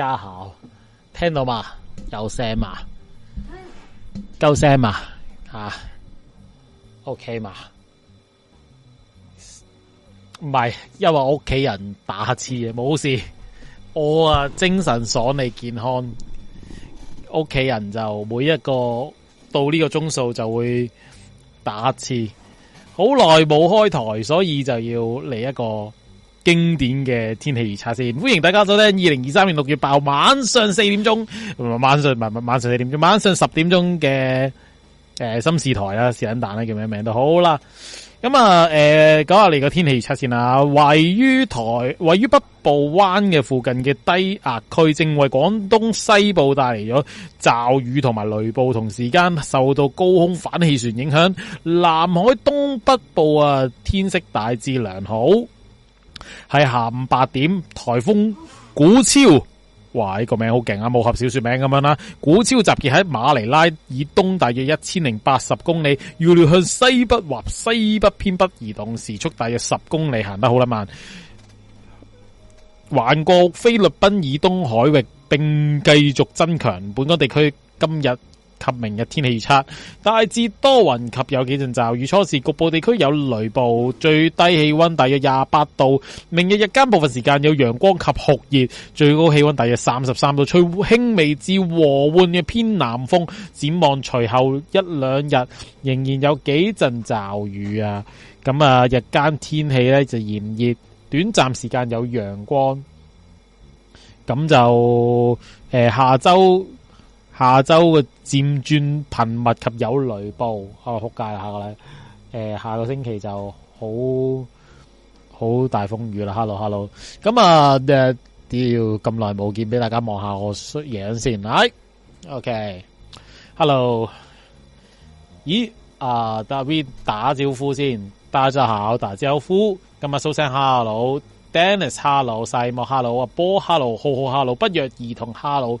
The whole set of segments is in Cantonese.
家好，聽到嗎？有聲嗎？夠聲嘛？吓？啊？OK 嘛？唔係，因為屋企人打乞嗤啊，冇事，我啊精神爽利健康，屋企人就每一個到呢個鐘數就會打乞嗤，好耐冇開台，所以就要嚟一個。經典嘅天氣預測先，歡迎大家收聽二零二三年六月八號晚上四點鐘，晚上唔係晚上四點鐘，晚上十點鐘嘅誒，心事台啊，視眼蛋啦，叫咩名都好啦。咁、呃、啊，誒，講下嚟個天氣預測先啦。位於台位於北部灣嘅附近嘅低壓區，正為廣東西部帶嚟咗驟雨同埋雷暴，同時間受到高空反氣旋影響，南海東北部啊，天色大致良好。係下午八點，颱風古超，哇！呢、這個名好勁啊，武俠小說名咁樣啦。古超集結喺馬尼拉以東大約一千零八十公里，預料向西北或西北偏北移動，時速大約十公里，行得好啦慢。橫過菲律賓以東海域，並繼續增強。本港地區今日。及明日天氣預測大致多雲及有幾陣驟雨，初時局部地區有雷暴，最低氣溫大約廿八度。明日日間部分時間有陽光及酷熱，最高氣溫大約三十三度，吹輕微至和緩嘅偏南風。展望隨後一兩日仍然有幾陣驟雨啊！咁啊，日間天氣咧就炎熱，短暫時間有陽光。咁就誒、呃，下周。下周嘅漸轉頻密及有雷暴，我哋仆街啦，下個禮拜誒、呃，下個星期就好好大風雨啦。Hello，Hello，咁 Hello. 啊，屌咁耐冇見，俾大家望下我衰樣先。嚟，OK，Hello，、okay, 咦，啊，David 打招呼先，大家就好。打招呼。今日收聲，Hello，Dennis，Hello，細幕，Hello，啊，Hello, 波，Hello，浩浩，Hello，不約而同，Hello。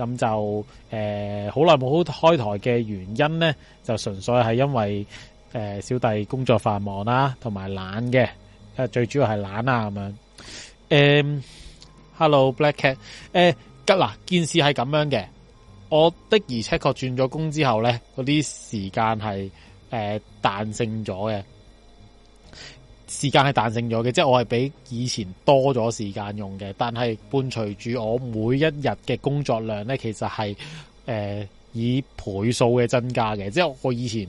咁就誒好耐冇開台嘅原因咧，就純粹係因為誒、呃、小弟工作繁忙啦、啊，同埋懶嘅，最主要係懶啦、啊、咁樣。誒、um，Hello Black Cat，誒、呃、吉嗱，件事係咁樣嘅。我的而且確轉咗工之後咧，嗰啲時間係誒、呃、彈性咗嘅。時間係彈性咗嘅，即係我係比以前多咗時間用嘅，但係伴隨住我每一日嘅工作量呢，其實係、呃、以倍數嘅增加嘅，即係我以前。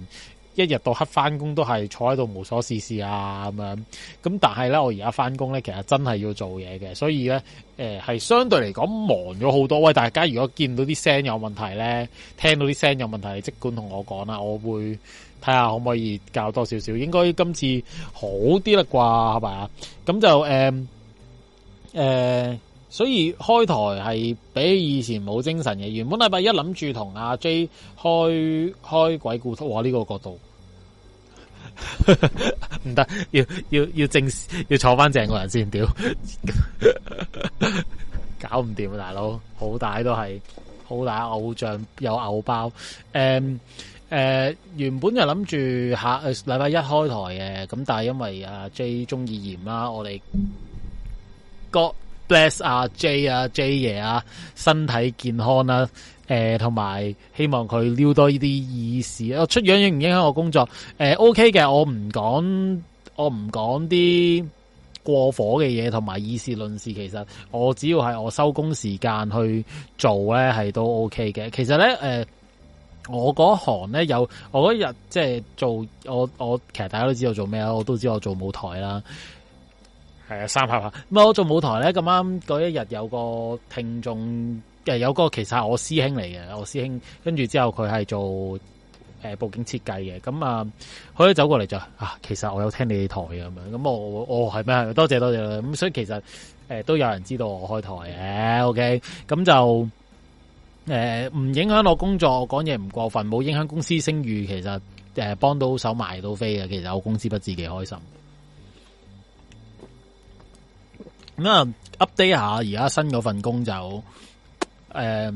一日到黑返工都係坐喺度無所事事啊，咁樣，咁但係呢，我而家返工呢，其實真係要做嘢嘅，所以呢，係、呃、相對嚟講忙咗好多。喂，大家如果見到啲聲有問題呢，聽到啲聲有問題，即管同我講啦，我會睇下可唔可以較多少少，應該今次好啲啦啩，係咪啊？咁就、呃呃所以開台係比起以前冇精神嘅，原本禮拜一諗住同阿 J 開開鬼故話呢、這個角度，唔得， 要要要正要坐翻正個人先，屌， 搞唔掂啊！大佬，好大都係好大偶像，有偶包。誒、嗯、誒、呃，原本就諗住下禮拜一開台嘅，咁但係因為阿 J 中意嫌啦，我哋 Bless 啊 J 啊 Jay 爺啊，身體健康啦，啊，誒、呃，同埋希望佢撩多呢啲意事。我出樣有有影唔影響我工作？誒，O K 嘅，我唔講，我唔講啲過火嘅嘢，同埋以事論事，其實我只要係我收工時間去做咧，係都 O K 嘅。其實咧，誒、呃，我嗰行咧有我嗰日即係做我我，其實大家都知道做咩啊，我都知我做舞台啦。係啊，三拍拍咁啊！我做舞台咧，咁啱嗰一日有個聽眾，誒，有個個其實係我師兄嚟嘅，我師兄跟住之後佢係做誒佈、呃、景設計嘅，咁啊佢一走過嚟就啊，其實我有聽你台咁樣，咁我我係咩？多謝多謝啦！咁所以其實誒、呃、都有人知道我開台嘅，啊，OK，咁就誒唔、呃、影響我工作，講嘢唔過分，冇影響公司聲譽，其實誒、呃、幫到手埋到飛嘅，其實我公司不知幾開心。咁啊，update 下而家新嗰份工就誒誒、呃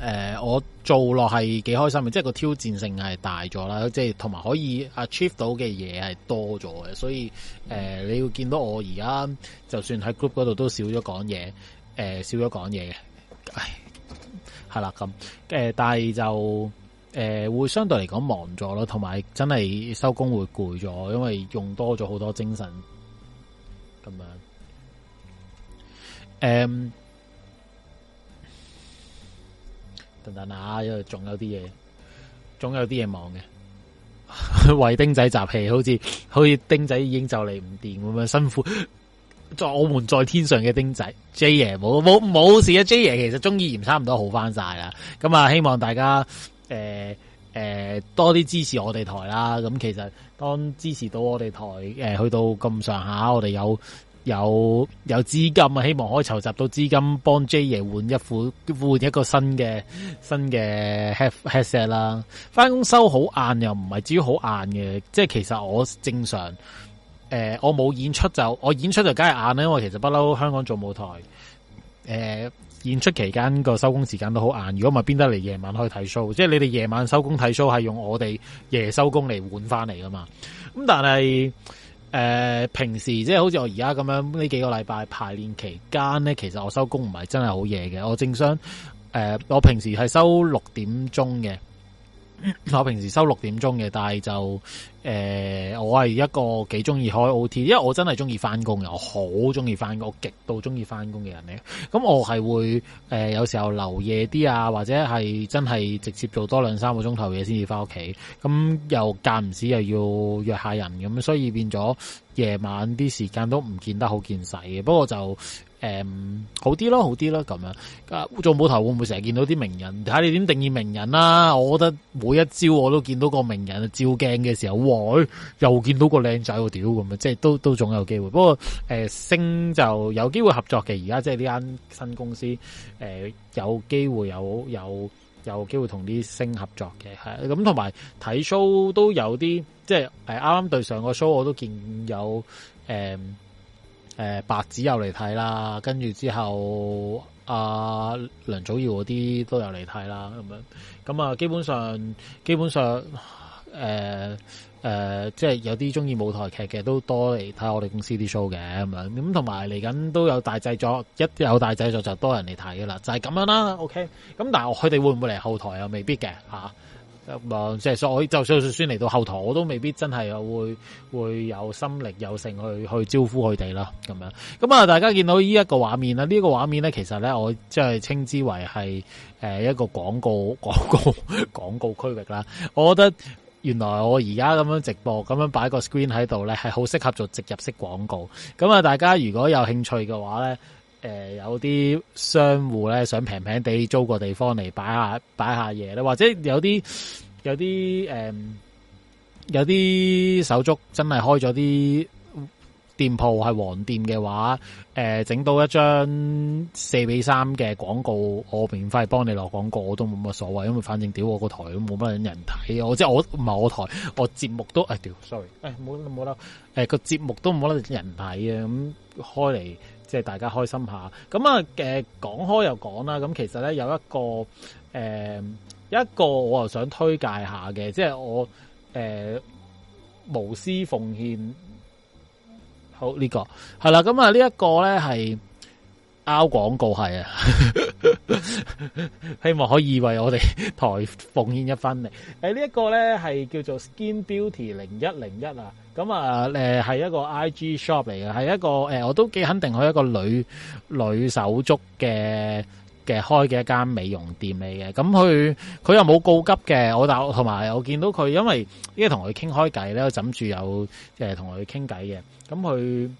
呃，我做落係幾開心嘅，即係個挑戰性係大咗啦，即係同埋可以 achieve 到嘅嘢係多咗嘅，所以誒、呃、你會見到我而家就算喺 group 嗰度都少咗講嘢，誒、呃、少咗講嘢嘅，係啦咁誒，但係就誒、呃、會相對嚟講忙咗咯，同埋真係收工會攰咗，因為用多咗好多精神咁樣。誒，um, 等等啊！又仲有啲嘢，仲有啲嘢忙嘅， 為丁仔集氣，好似好似丁仔已經就嚟唔掂咁樣辛苦。在我們在天上嘅丁仔 J 爺冇冇冇事啊！J 爺其實中意炎差唔多好返晒啦。咁、嗯、啊，希望大家誒誒、呃呃、多啲支持我哋台啦。咁、嗯、其實當支持到我哋台誒、呃，去到咁上下，我哋有。有有資金啊！希望可以籌集到資金，幫 J 爺換一副換一個新嘅新嘅 headset 啦。返工收好晏又唔係至於好晏嘅，即係其實我正常誒、呃，我冇演出就我演出就梗係晏啦。因為其實不嬲香港做舞台誒、呃、演出期間個收工時間都好晏。如果唔係邊得嚟夜晚可以睇 show？即係你哋夜晚收工睇 show 係用我哋夜收工嚟換翻嚟㗎嘛？咁但係。誒、呃，平時即係好似我而家咁樣呢幾個禮拜排練期間咧，其實我收工唔係真係好夜嘅，我正想，誒、呃，我平時係收六點鐘嘅。我平時收六點鐘嘅，但係就誒、呃，我係一個幾中意開 OT，因為我真係中意翻工嘅，我好中意翻工，極度中意翻工嘅人嚟。咁我係會誒、呃，有時候留夜啲啊，或者係真係直接做多兩三個鐘頭嘢先至翻屋企。咁又間唔時又要約下人咁，所以變咗夜晚啲時間都唔見得好見細嘅。不過就。誒、um，好啲咯，好啲囉。咁樣。做舞台會唔會成日見到啲名人？睇你點定義名人啦、啊。我覺得每一朝我都見到個名人，照鏡嘅時候，哇！又見到個靚仔，個屌咁樣，即係都都仲有機會。不過，誒、呃、星就有機會合作嘅。而家即係呢間新公司，誒、呃、有機會有有有機會同啲星合作嘅。係咁，同埋睇 show 都有啲，即係誒啱啱對上個 show，我都見有誒。呃誒白子又嚟睇啦，跟住之後阿、啊、梁祖堯嗰啲都有嚟睇啦，咁樣咁啊，基本上基本上誒誒，即、呃、係、呃就是、有啲中意舞台劇嘅都多嚟睇我哋公司啲 show 嘅，咁樣，咁同埋嚟緊都有大製作，一有大製作就多人嚟睇噶啦，就係、是、咁樣啦，OK，咁但係佢哋會唔會嚟後台又未必嘅吓即係所以，我就算算嚟到後台，我都未必真係會會有心力有成去去招呼佢哋啦。咁樣咁啊，大家見到呢、這個、一個畫面啦，呢一個畫面咧，其實咧，我即係稱之為係誒一個廣告廣告廣告區域啦。我覺得原來我而家咁樣直播咁樣擺個 screen 喺度咧，係好適合做植入式廣告。咁啊，大家如果有興趣嘅話咧。誒、呃，有啲商戶咧，想平平地租個地方嚟，擺下擺下嘢咧，或者有啲有啲誒，有啲、呃、手足真係開咗啲店鋪係黃店嘅話，誒、呃，整到一張四比三嘅廣告，我免費幫你落廣告，我都冇乜所謂，因為反正屌我個台都冇乜人睇，我即係我唔係我台，我節目都唉屌 Sorry，唉、呃、節目都誒，sorry，誒，冇啦冇啦，誒，個節目都冇得人睇啊，咁開嚟。即係大家開心下，咁啊，講開又講啦，咁其實咧有一個，誒、呃、一個我又想推介下嘅，即係我誒、呃、無私奉獻，好、這個、個呢個係啦，咁啊呢一個咧係。包廣告係啊，希望可以為我哋台奉獻一分力。喺呢一個咧係叫做 Skin Beauty 零一零一啊，咁啊誒係一個 IG shop 嚟嘅，係一個誒我都幾肯定係一個女女手足嘅嘅開嘅一間美容店嚟嘅。咁佢佢又冇告急嘅，我但係同埋我見到佢，因為因為同佢傾開偈咧，我諗住有誒同佢傾偈嘅。咁佢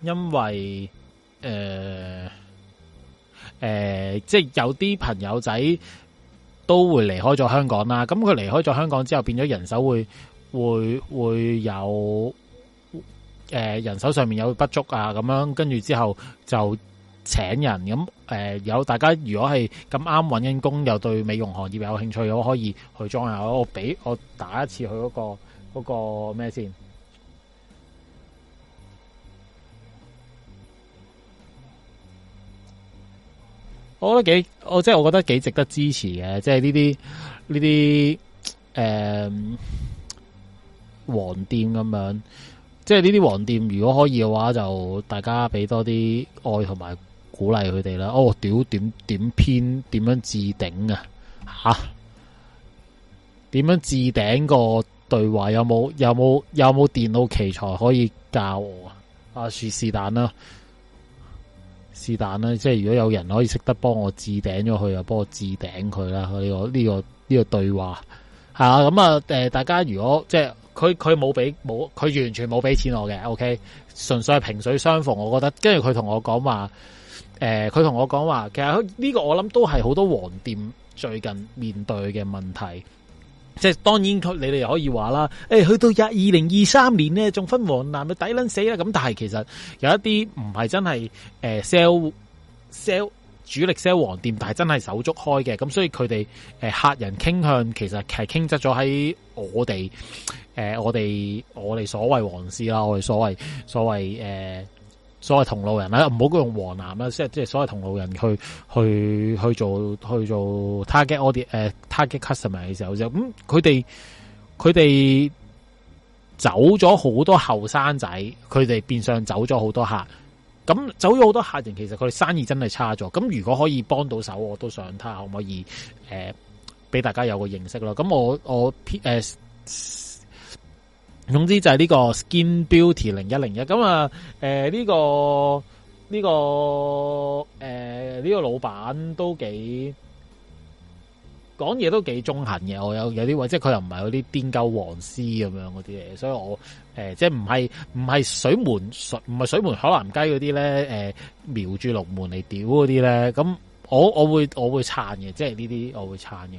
因為誒誒、呃呃，即係有啲朋友仔都會離開咗香港啦。咁佢離開咗香港之後，變咗人手會會會有誒、呃、人手上面有不足啊。咁樣跟住之後就請人。咁誒有大家如果係咁啱搵緊工，又對美容行業有興趣嘅，我可以去裝下。我俾我打一次去嗰、那個嗰、那個咩先？我覺得幾，我即係我覺得幾值得支持嘅，即係呢啲呢啲誒黃店咁樣，即係呢啲黃店如果可以嘅話，就大家俾多啲愛同埋鼓勵佢哋啦。哦屌，點點編點樣置頂啊？吓，點樣置頂個對話？有冇有冇有冇電腦奇才可以教我啊？啊是是但啦。是但啦，即係如果有人可以識得幫我置頂咗佢啊，幫我置頂佢啦，呢、這個呢、這個呢、這個對話咁啊，誒、嗯，大家如果即係佢佢冇俾冇，佢完全冇俾錢我嘅，OK，純粹係萍水相逢，我覺得，跟住佢同我講話，誒、呃，佢同我講話，其實呢個我諗都係好多黃店最近面對嘅問題。即係當然你哋又可以話啦，誒去到廿二零二三年呢，仲分黃藍咪抵捻死啦！咁但係其實有一啲唔係真係誒 sell sell 主力 sell 黃店，但係真係手足開嘅，咁所以佢哋誒客人傾向其實係傾側咗喺我哋誒、呃、我哋我哋所謂黃氏啦，我哋所謂、嗯、所謂誒。呃所謂同路人啦，唔好講用黃藍啦，即係即係所謂同路人去去去做去做 target 我哋，呃、誒 target customer 嘅時候就咁，佢哋佢哋走咗好多後生仔，佢哋變相走咗好多客，咁走咗好多客人，其實佢哋生意真係差咗。咁如果可以幫到手，我都想睇下可唔可以誒，俾，呃、大家有個認識咯。咁我我 P，呃總之就係呢個 Skin Beauty 零一零一咁啊，誒、呃、呢、這個呢、這個誒呢、呃這個老闆都幾講嘢都幾中肯嘅，我有有啲話即係佢又唔係嗰啲癲鳩黃絲咁樣嗰啲嘢，所以我誒、呃、即係唔係唔係水門水唔係水門海南雞嗰啲咧，誒瞄住龍門嚟屌嗰啲咧，咁我我會我會撐嘅，即係呢啲我會撐嘅。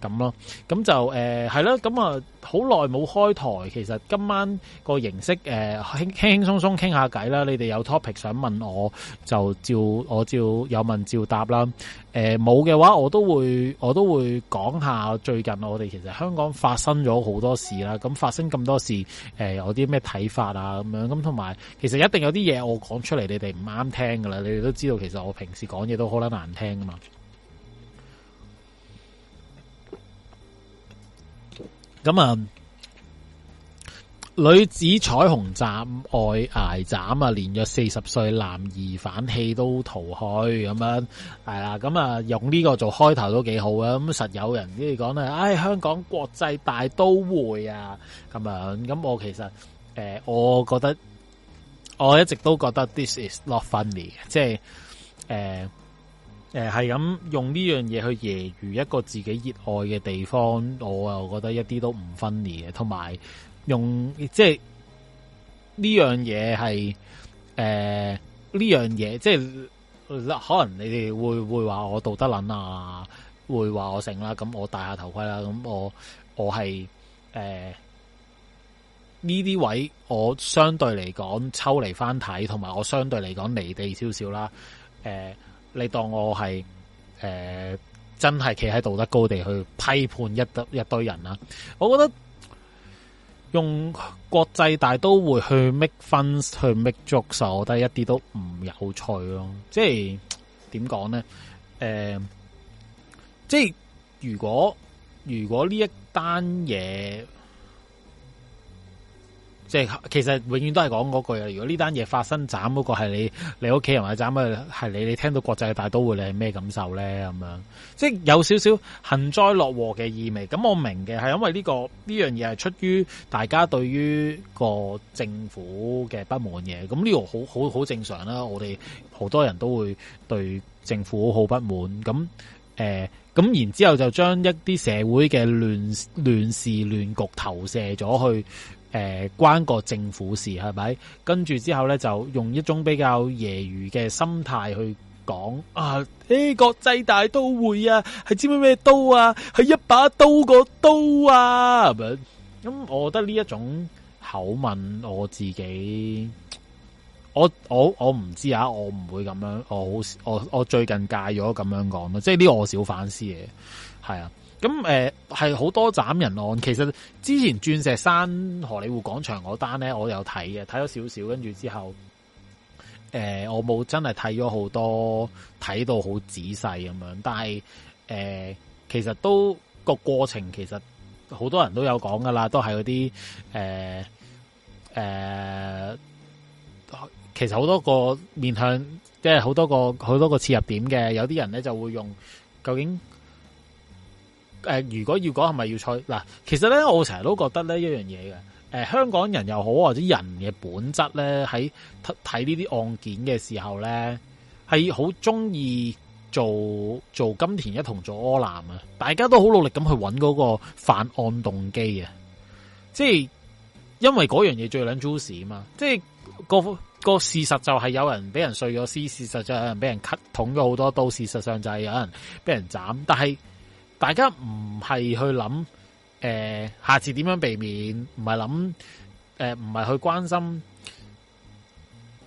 咁咯，咁就誒係啦，咁啊好耐冇開台，其實今晚個形式誒輕輕鬆鬆傾下偈啦。你哋有 topic 想問我，就照我照有問照答啦。誒冇嘅話，我都會我都會講下最近我哋其實香港發生咗好多事啦。咁發生咁多事，誒、呃、有啲咩睇法啊咁樣咁，同埋其實一定有啲嘢我講出嚟，你哋唔啱聽噶啦。你哋都知道，其實我平時講嘢都好難難聽噶嘛。咁啊！女子彩虹站外挨斬啊，年約四十歲，男疑反氣都逃去咁樣，係啦。咁啊，用呢個做開頭都幾好啊。咁實有人即係講咧，唉，香港國際大都會啊，咁樣。咁我其實誒、呃，我覺得我一直都覺得 this is not funny，即係誒。呃誒，係咁、呃、用呢樣嘢去揶揄一個自己熱愛嘅地方，我啊，覺得一啲都唔分離。嘅。同埋用即係呢樣嘢係誒呢樣嘢，即係、呃、可能你哋會會話我道德撚啊，會話我成啦、啊。咁我戴下頭盔啦、啊，咁我我係誒呢啲位，我相對嚟講抽離翻睇，同埋我相對嚟講離地少少啦，誒、呃。你當我係誒、呃、真係企喺道德高地去批判一堆一堆人啦、啊？我覺得用國際大都會去 make fun 去 make joke，我覺得一啲都唔有趣咯、啊。即係點講咧？誒、呃，即係如果如果呢一單嘢。即係其實永遠都係講嗰句。如果呢單嘢發生，斬嗰個係你，你屋企人或者斬啊，係你。你聽到國際嘅大都會，你係咩感受咧？咁樣即係有少少幸災樂禍嘅意味。咁我明嘅係因為呢個呢樣嘢係出於大家對於個政府嘅不滿嘅。咁呢個好好好正常啦。我哋好多人都會對政府好不滿。咁誒、咁、呃、然之後就將一啲社會嘅亂亂事亂局投射咗去。誒、呃，關個政府事係咪？跟住之後咧，就用一種比較揶揄嘅心態去講啊，國際大都會啊，係知咩咩刀啊？係一把刀個刀啊？咁、嗯，我覺得呢一種口吻，我自己，我我我唔知啊，我唔會咁樣，我好，我我最近戒咗咁樣講咯，即係呢，我少反思嘢，係啊。咁誒，係好、呃、多斬人案。其實之前鑽石山荷里活廣場嗰單咧，我有睇嘅，睇咗少少，跟住之後，誒、呃，我冇真係睇咗好多，睇到好仔細咁樣。但係誒、呃，其實都、這個過程，其實好多人都有講噶啦，都係嗰啲誒誒，其實好多個面向，即係好多個好多個切入點嘅。有啲人咧就會用究竟。誒、呃，如果要講係咪要賽嗱，其實咧我成日都覺得呢一樣嘢嘅，誒、呃，香港人又好或者人嘅本質咧，喺睇呢啲案件嘅時候咧，係好中意做做金田一同做柯南啊！大家都好努力咁去揾嗰個犯案動機啊。即係因為嗰樣嘢最捻 juicy 嘛，即係個個事實就係有人俾人碎咗屍，事實上就有人俾人 cut 捅咗好多刀，事實上就係有人俾人斬，但係。大家唔係去諗，誒、呃，下次點樣避免？唔係諗，誒、呃，唔係去關心，誒、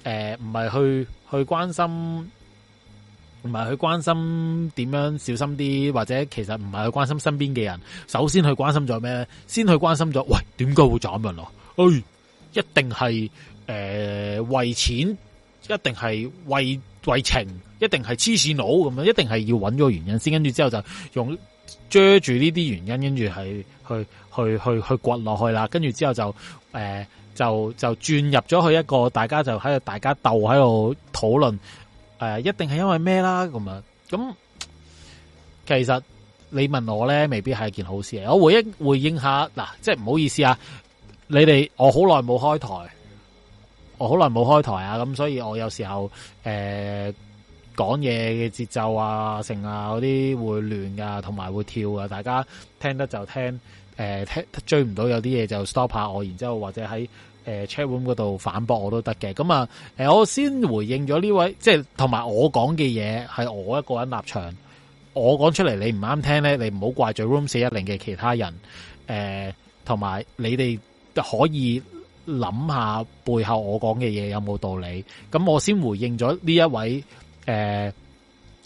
呃，唔係去去關心，唔係去關心點樣小心啲，或者其實唔係去關心身邊嘅人。首先去關心咗咩咧？先去關心咗，喂，點解會咁樣、啊？咯？誒，一定係，誒、呃，為錢，一定係為為情，一定係黐線佬咁樣，一定係要搵咗原因先，跟住之後就用。遮住呢啲原因，跟住係去去去去，去掘落去啦，跟住之後就誒、呃，就就轉入咗去一個大家就喺度，大家鬥喺度討論，誒，一定係因為咩啦咁啊？咁其實你問我咧，未必係一件好事嚟。我回應回應一下，嗱、啊，即係唔好意思啊，你哋我好耐冇開台，我好耐冇開台啊，咁所以我有時候誒。呃講嘢嘅節奏啊，成啊嗰啲會亂㗎，同埋會跳㗎。大家聽得就聽，誒、呃、聽追唔到有啲嘢就 stop 下我，然之後或者喺誒、呃、chat room 嗰度反駁我都得嘅。咁啊，誒、呃、我先回應咗呢位，即係同埋我講嘅嘢係我一個人立場，我講出嚟，你唔啱聽咧，你唔好怪罪 Room 四一零嘅其他人，誒同埋你哋可以諗下背後我講嘅嘢有冇道理。咁我先回應咗呢一位。誒、呃，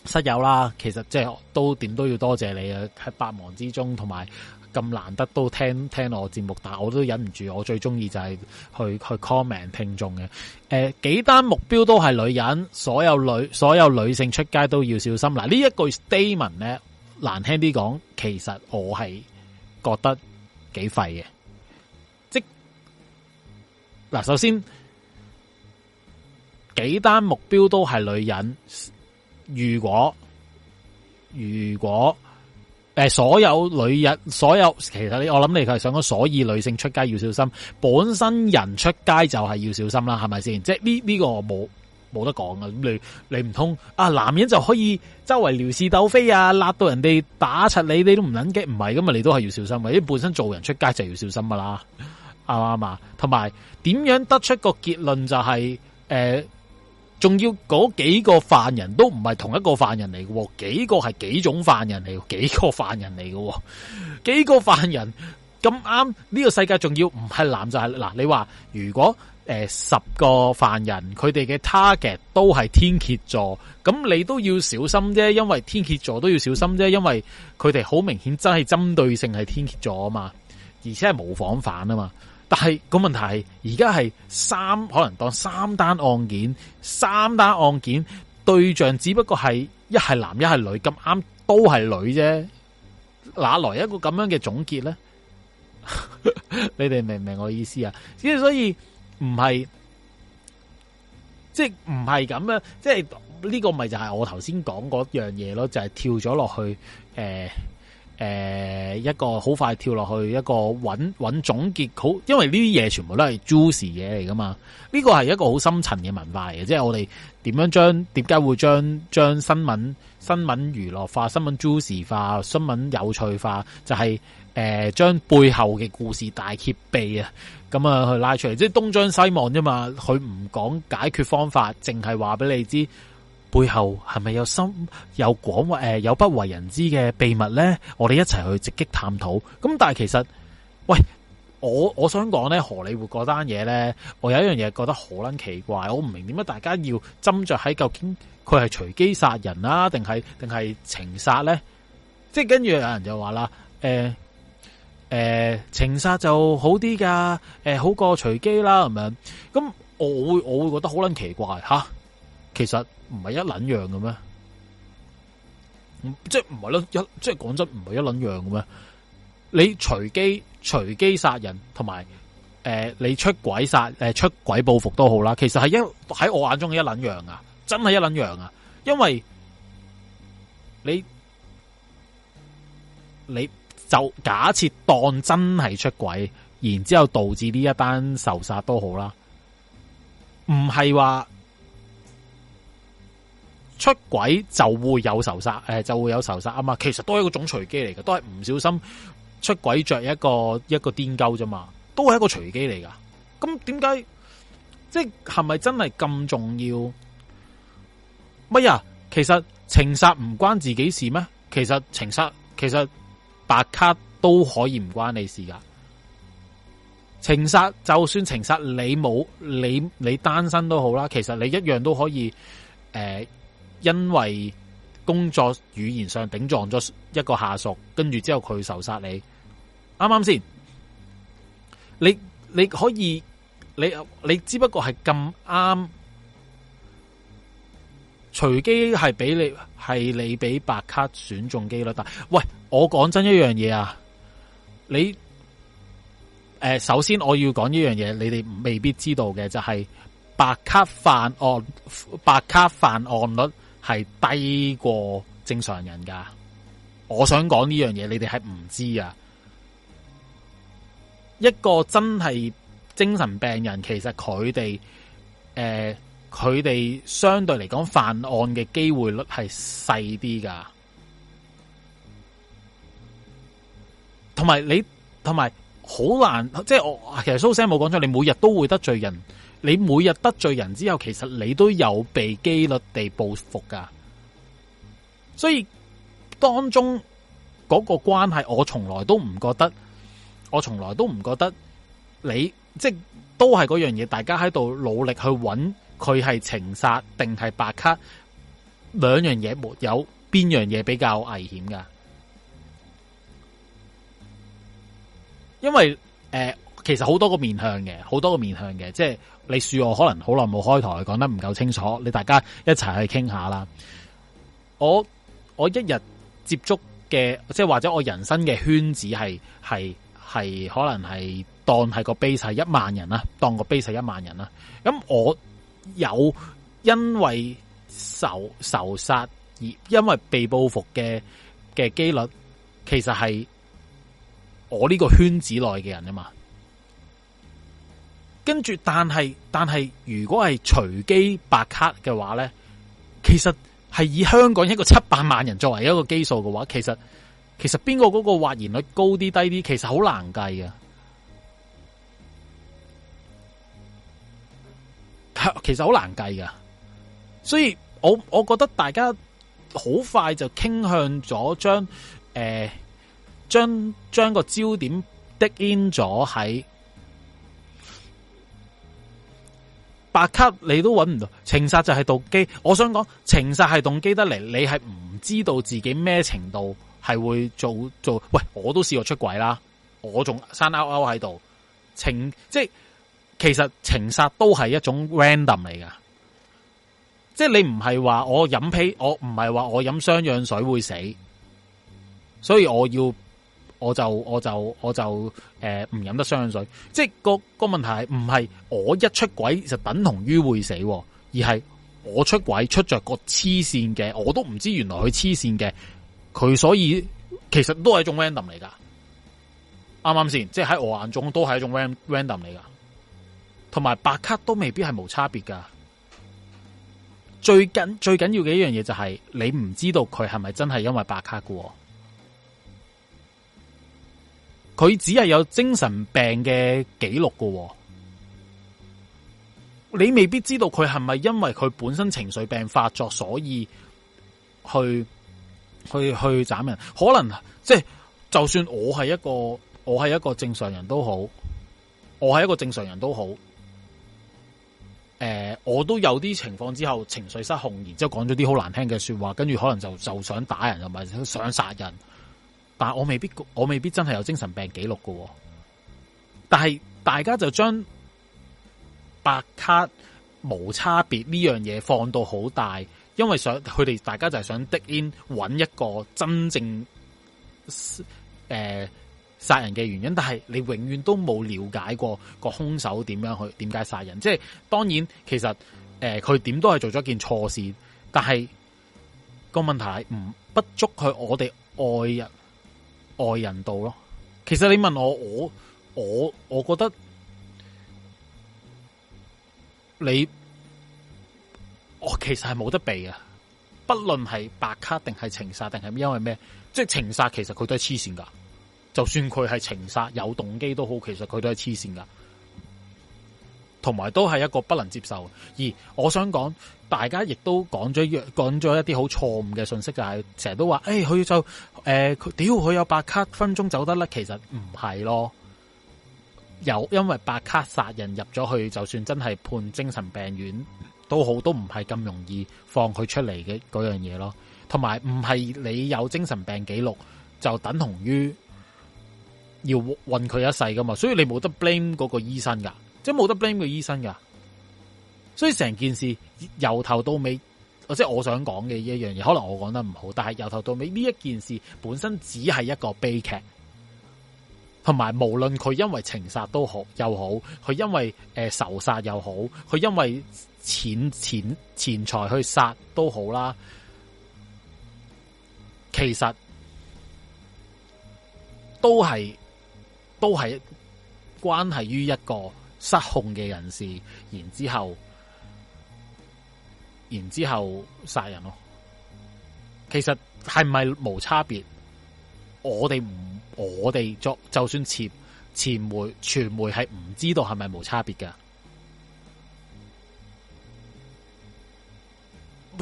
室友啦，其實即係都點都要多謝你啊！喺百忙之中，同埋咁難得都聽聽我節目，但係我都忍唔住，我最中意就係去去 comment 聽眾嘅。誒、呃，幾單目標都係女人，所有女所有女性出街都要小心。嗱、呃，呢一句 statement 咧，難聽啲講，其實我係覺得幾廢嘅。即嗱、呃，首先。幾單目標都係女人，如果如果誒、呃，所有女人，所有其實我你我諗你佢係想講，所以女性出街要小心，本身人出街就係要小心啦，係咪先？即係呢呢個冇冇得講噶，咁你你唔通啊？男人就可以周圍撩事鬥非啊，辣到人哋打柒你，你都唔捻激？唔係咁啊，你都係要小心，因為本身做人出街就要小心噶啦，啱啱嘛？同埋點樣得出個結論就係、是、誒？呃仲要嗰幾個犯人都唔係同一個犯人嚟嘅，幾個係幾種犯人嚟，幾個犯人嚟嘅，幾個犯人咁啱呢個世界仲要唔係男就係嗱，你話如果誒、呃、十個犯人佢哋嘅 target 都係天蠍座，咁你都要小心啫，因為天蠍座都要小心啫，因為佢哋好明顯真係針對性係天蠍座啊嘛，而且係模仿犯啊嘛。但係個問題係，而家係三可能當三單案件，三單案件對象只不過係一係男一係女咁啱都係女啫，哪來一個咁樣嘅總結咧？ 你哋明唔明我意思啊？所以所以唔係即係唔係咁啊？即係呢個咪就係我頭先講嗰樣嘢咯，就係、是就是就是、跳咗落去誒。呃誒、呃，一個好快跳落去一個搵搵總結，好，因為呢啲嘢全部都係 juicy 嘢嚟噶嘛。呢個係一個好深層嘅文化嚟嘅，即係我哋點樣將點解會將將新聞新聞娛樂化、新聞 juicy 化、新聞有趣化，就係誒將背後嘅故事大揭秘啊，咁啊去拉出嚟，即係東張西望啫嘛，佢唔講解決方法，淨係話俾你知。背後係咪有深有廣誒、呃、有不為人知嘅秘密咧？我哋一齊去直擊探討。咁但係其實，喂，我我想講咧荷里活嗰單嘢咧，我有一樣嘢覺得好撚奇怪，我唔明點解大家要斟酌喺究竟佢係隨機殺人啦、啊，定係定係情殺咧？即係跟住有人就話啦，誒、呃、誒、呃、情殺就好啲㗎，誒、呃、好過隨機啦咁樣。咁我會我會覺得好撚奇怪吓，其實。唔係一捻樣嘅咩？即係唔係一即係講真，唔係一捻樣嘅咩？你隨機隨機殺人，同埋誒你出軌殺誒出軌報復都好啦。其實係一喺我眼中嘅一捻樣啊，真係一捻樣啊。因為你你就假設當真係出軌，然之後導致呢一單仇殺都好啦，唔係話。出軌就會有仇殺，誒、呃、就會有仇殺啊嘛！其實都係一個種隨機嚟嘅，都係唔小心出軌著一個一個癲鳩啫嘛，都係一個隨機嚟噶。咁點解即係咪真係咁重要？乜呀？其實情殺唔關自己事咩？其實情殺其實白卡都可以唔關你事噶。情殺就算情殺你沒有，你冇你你單身都好啦，其實你一樣都可以誒。呃.因為工作語言上頂撞咗一個下屬，跟住之後佢仇殺你，啱啱先？你你可以你你只不過係咁啱，隨機係俾你係你俾白卡選中機率，但喂，我講真一樣嘢啊！你誒、呃，首先我要講一樣嘢，你哋未必知道嘅就係、是、白卡犯案白卡犯案率。係低過正常人噶，我想講呢樣嘢，你哋係唔知啊。一個真係精神病人，其實佢哋，誒、呃，佢哋相對嚟講犯案嘅機會率係細啲噶，同埋你，同埋好難，即係我其實蘇生冇講出，你每日都會得罪人。你每日得罪人之後，其實你都有被機率地報復噶，所以當中嗰個關係，我從來都唔覺得，我從來都唔覺得你，即都係嗰樣嘢。大家喺度努力去揾佢係情殺定係白卡，兩樣嘢有邊樣嘢比較危險噶？因為誒、呃，其實好多個面向嘅，好多個面向嘅，即係。你恕，我可能好耐冇開台，講得唔夠清楚，你大家一齊去傾下啦。我我一日接觸嘅，即係或者我人生嘅圈子係係係，可能係當係個 base 係一萬人啦，當個 base 係一萬人啦。咁我有因為仇仇殺而因為被報復嘅嘅幾率，其實係我呢個圈子內嘅人啊嘛。跟住，但係但係，如果係隨機白卡嘅話咧，其實係以香港一個七百萬人作為一個基數嘅話，其實其實邊個嗰個發言率高啲低啲，其實好難計㗎。其實好難計㗎，所以我我覺得大家好快就傾向咗將誒、呃、將將個焦點的 in 咗喺。八級你都揾唔到，情殺就係動機。我想講情殺係動機得嚟，你係唔知道自己咩程度係會做做。喂，我都試過出軌啦，我仲生勾勾喺度情，即係其實情殺都係一種 random 嚟㗎，即係你唔係話我飲啤，我唔係話我飲雙氧水會死，所以我要。我就我就我就誒唔飲得雙水，即係個個問題係唔係我一出軌就等同於會死，而係我出軌出着個黐線嘅，我都唔知原來佢黐線嘅，佢所以其實都係一種 random 嚟噶，啱唔啱先？即係喺我眼中都係一種 random 嚟噶，同埋白卡都未必係冇差別噶。最緊最緊要嘅一樣嘢就係、是、你唔知道佢係咪真係因為白卡嘅。佢只係有精神病嘅記錄噶，你未必知道佢係咪因為佢本身情緒病發作，所以去去去斬人。可能即係，就算我係一個我係一個正常人都好，我係一個正常人都好。誒、呃，我都有啲情況之後情緒失控，然之後講咗啲好難聽嘅說話，跟住可能就就想打人，同埋想殺人。但係我未必，我未必真係有精神病記錄嘅。但係大家就將白卡無差別呢樣嘢放到好大，因為想佢哋大家就係想的 in 揾一個真正誒殺、呃、人嘅原因。但係你永遠都冇了解過個兇手點樣去點解殺人。即、就、係、是、當然，其實誒佢點都係做咗件錯事，但係、個問題唔不足佢我哋愛人。外人道咯，其實你問我我我我覺得你我其實係冇得避啊，不論係白卡定係情殺定係因為咩，即係情殺其實佢都係黐線㗎，就算佢係情殺有動機都好，其實佢都係黐線㗎。同埋都係一個不能接受，而我想講，大家亦都講咗講咗一啲好錯誤嘅信息，就係成日都話，誒、欸，佢就誒，屌、欸、佢有白卡，分鐘走得甩，其實唔係咯，有因為白卡殺人入咗去，就算真係判精神病院都好，都唔係咁容易放佢出嚟嘅嗰樣嘢咯。同埋唔係你有精神病記錄就等同於要困佢一世噶嘛，所以你冇得 blame 嗰個醫生噶。即冇得 blame 個醫生噶，所以成件事由頭到尾，或者我想講嘅一樣嘢，可能我講得唔好，但係由頭到尾呢一件事本身只係一個悲劇，同埋無論佢因為情殺都好又好，佢因為誒、呃、仇殺又好，佢因為錢錢錢財去殺都好啦，其實都係都係關係於一個。失控嘅人士，然之後，然之後殺人咯。其實係咪冇差別？我哋唔，我哋作就算前前媒傳媒係唔知道係咪冇差別㗎？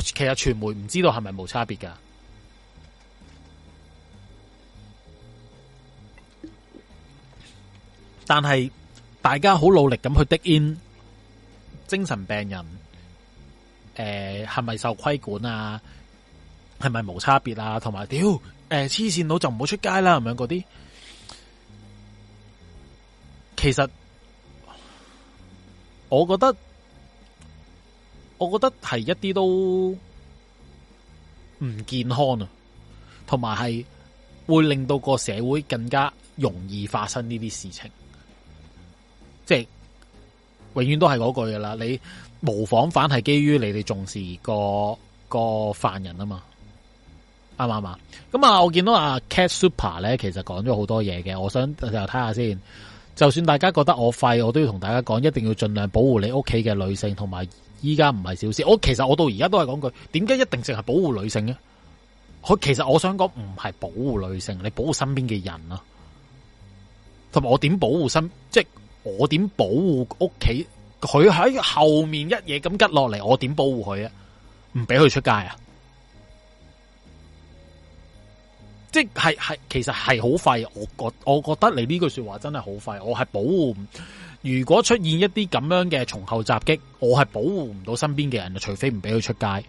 其實傳媒唔知道係咪冇差別㗎？但係。大家好努力咁去滴 in 精神病人，誒係咪受規管啊？係咪冇差別啊？同埋屌誒，黐綫佬就唔好出街啦，咁樣嗰啲。其實我覺得，我覺得係一啲都唔健康啊，同埋係會令到個社會更加容易發生呢啲事情。即係永遠都係嗰句噶啦，你模仿犯係基於你哋重視個個犯人啊嘛，啱啱？咁啊，我見到啊 Cat Super 咧，其實講咗好多嘢嘅，我想就睇下先。就算大家覺得我廢，我都要同大家講，一定要盡量保護你屋企嘅女性，同埋依家唔係小事。我其實我到而家都係講句，點解一定淨係保護女性呢？其實我想講唔係保護女性，你保護身邊嘅人啊，同埋我點保護身即我點保護屋企？佢喺後面一嘢咁拮落嚟，我點保護佢啊？唔俾佢出街啊！即係係，其實係好廢。我我我覺得你呢句說話真係好廢。我係保護，如果出現一啲咁樣嘅從後襲擊，我係保護唔到身邊嘅人，除非唔俾佢出街。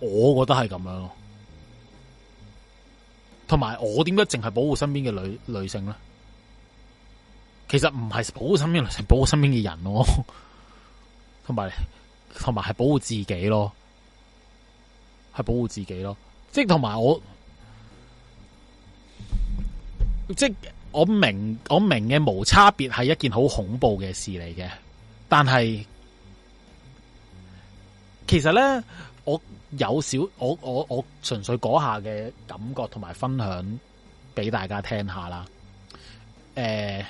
我覺得係咁樣咯。同埋我點解淨係保護身邊嘅女女性咧？其實唔係保護身邊女性，保護身邊嘅人咯、哦。同埋，同埋係保護自己咯，係保護自己咯。即係同埋我，即係我明，我明嘅無差別係一件好恐怖嘅事嚟嘅。但係其實咧，我。有少我我我純粹嗰下嘅感覺同埋分享俾大家聽下啦。誒、呃，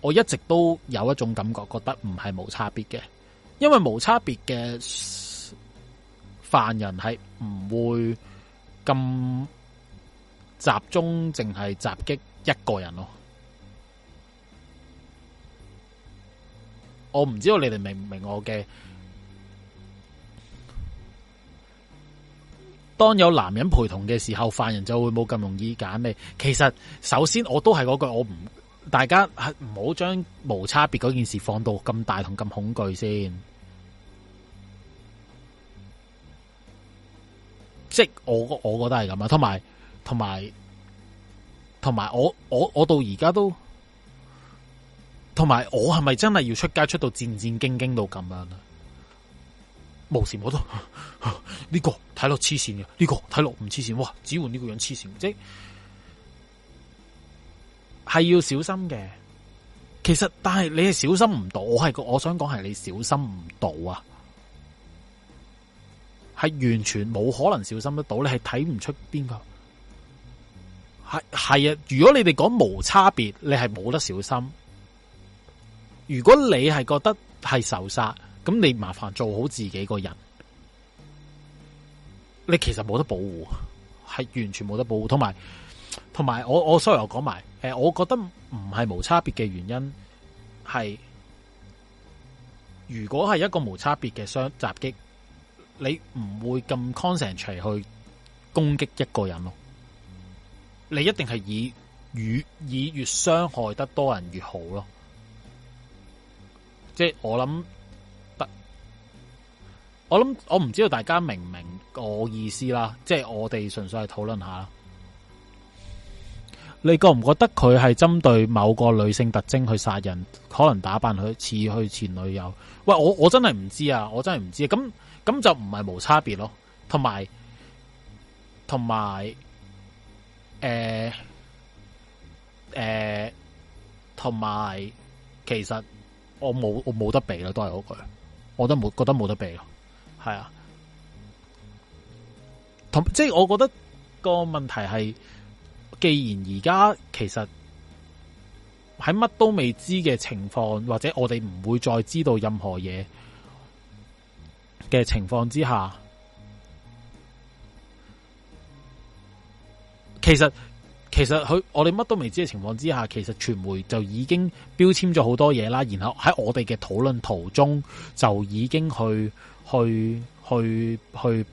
我一直都有一種感覺，覺得唔係無差別嘅，因為無差別嘅犯人係唔會咁集中淨係襲擊一個人咯。我唔知道你哋明唔明我嘅？當有男人陪同嘅時候，犯人就會冇咁容易揀你。其實首先我都係嗰句，我唔大家係唔好將無差別嗰件事放到咁大同咁恐懼先。即我我覺得係咁啊，同埋同埋同埋我我我到而家都，同埋我係咪真係要出街出到戰戰兢兢到咁樣啊？無時我都呢個睇落黐線嘅，呢、呢個睇落唔黐線，哇！只換呢個樣黐線，即係要小心嘅。其實，但係你係小心唔到，我係我想講係你小心唔到啊，係完全冇可能小心得到，你係睇唔出邊個。係係啊！如果你哋講無差別，你係冇得小心。如果你係覺得係仇殺。咁你麻煩做好自己個人，你其實冇得保護，係完全冇得保護。同埋，同埋我我所以，我，Sorry, 我講埋，誒，我覺得唔係冇差別嘅原因係，如果係一個無差別嘅傷襲擊，你唔會咁 concentrate 去攻擊一個人咯，你一定係以與以，以越傷害得多人越好咯，即係我諗。我諗，我唔知道大家明唔明我意思啦，即係我哋純粹係討論下。你覺唔覺得佢係針對某個女性特徵去殺人？可能打扮佢似佢前女友。喂，我我真係唔知啊，我真係唔知。咁咁就唔係冇差別咯。同埋同埋誒誒同埋，其實我冇我冇得避咯，都係嗰句，我都冇覺得冇得避咯。係啊，同，即係，我覺得個問題係，既然而家其實喺乜都未知嘅情況，或者我哋唔會再知道任何嘢嘅情況之下，其實。其實佢我哋乜都未知嘅情況之下，其實傳媒就已經標籤咗好多嘢啦，然後喺我哋嘅討論途中就已經去去去去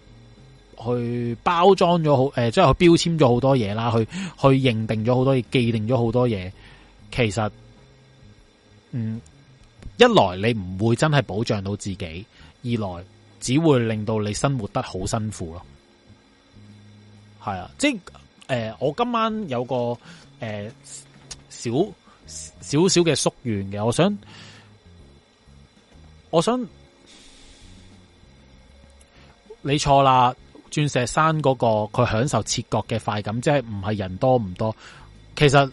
去包裝咗好誒，即、呃、係、去、標籤咗好多嘢啦，去去認定咗好多嘢，既定咗好多嘢。其實，嗯，一來你唔會真係保障到自己，二來只會令到你生活得好辛苦咯。係啊，即誒、呃，我今晚有個誒少少少嘅夙願嘅，我想，我想你錯啦，鑽石山嗰，那個佢享受切割嘅快感，即係唔係人多唔多。其實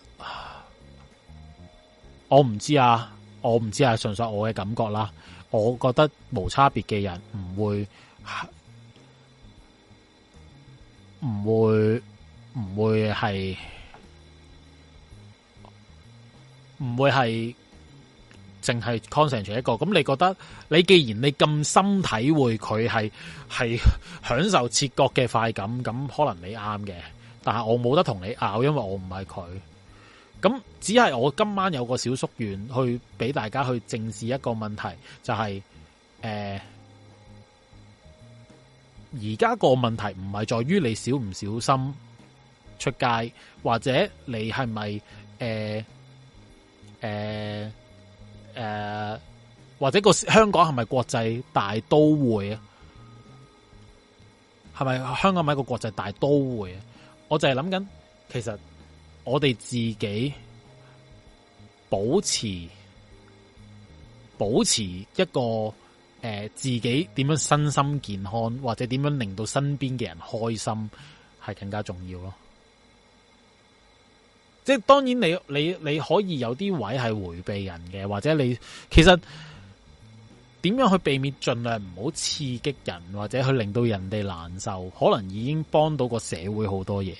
我唔知啊，我唔知啊，純粹我嘅感覺啦。我覺得無差別嘅人唔會唔會。啊不會唔會係唔會係淨係 concentrate 一個咁，你覺得你既然你咁深體會佢，係係享受切割嘅快感，咁可能你啱嘅，但係我冇得同你拗，因為我唔係佢。咁只係我今晚有個小宿願，去俾大家去正視一個問題，就係、是、誒，而家個問題唔係在於你小唔小心。出街或者你係咪誒誒誒，或者個香港係咪國際大都會啊？係咪香港係一個國際大都會啊？我就係諗緊，其實我哋自己保持保持一個誒、呃、自己點樣身心健康，或者點樣令到身邊嘅人開心，係更加重要咯。即係當然你，你你你可以有啲位係回避人嘅，或者你其實點樣去避免盡量唔好刺激人，或者去令到人哋難受，可能已經幫到個社會好多嘢。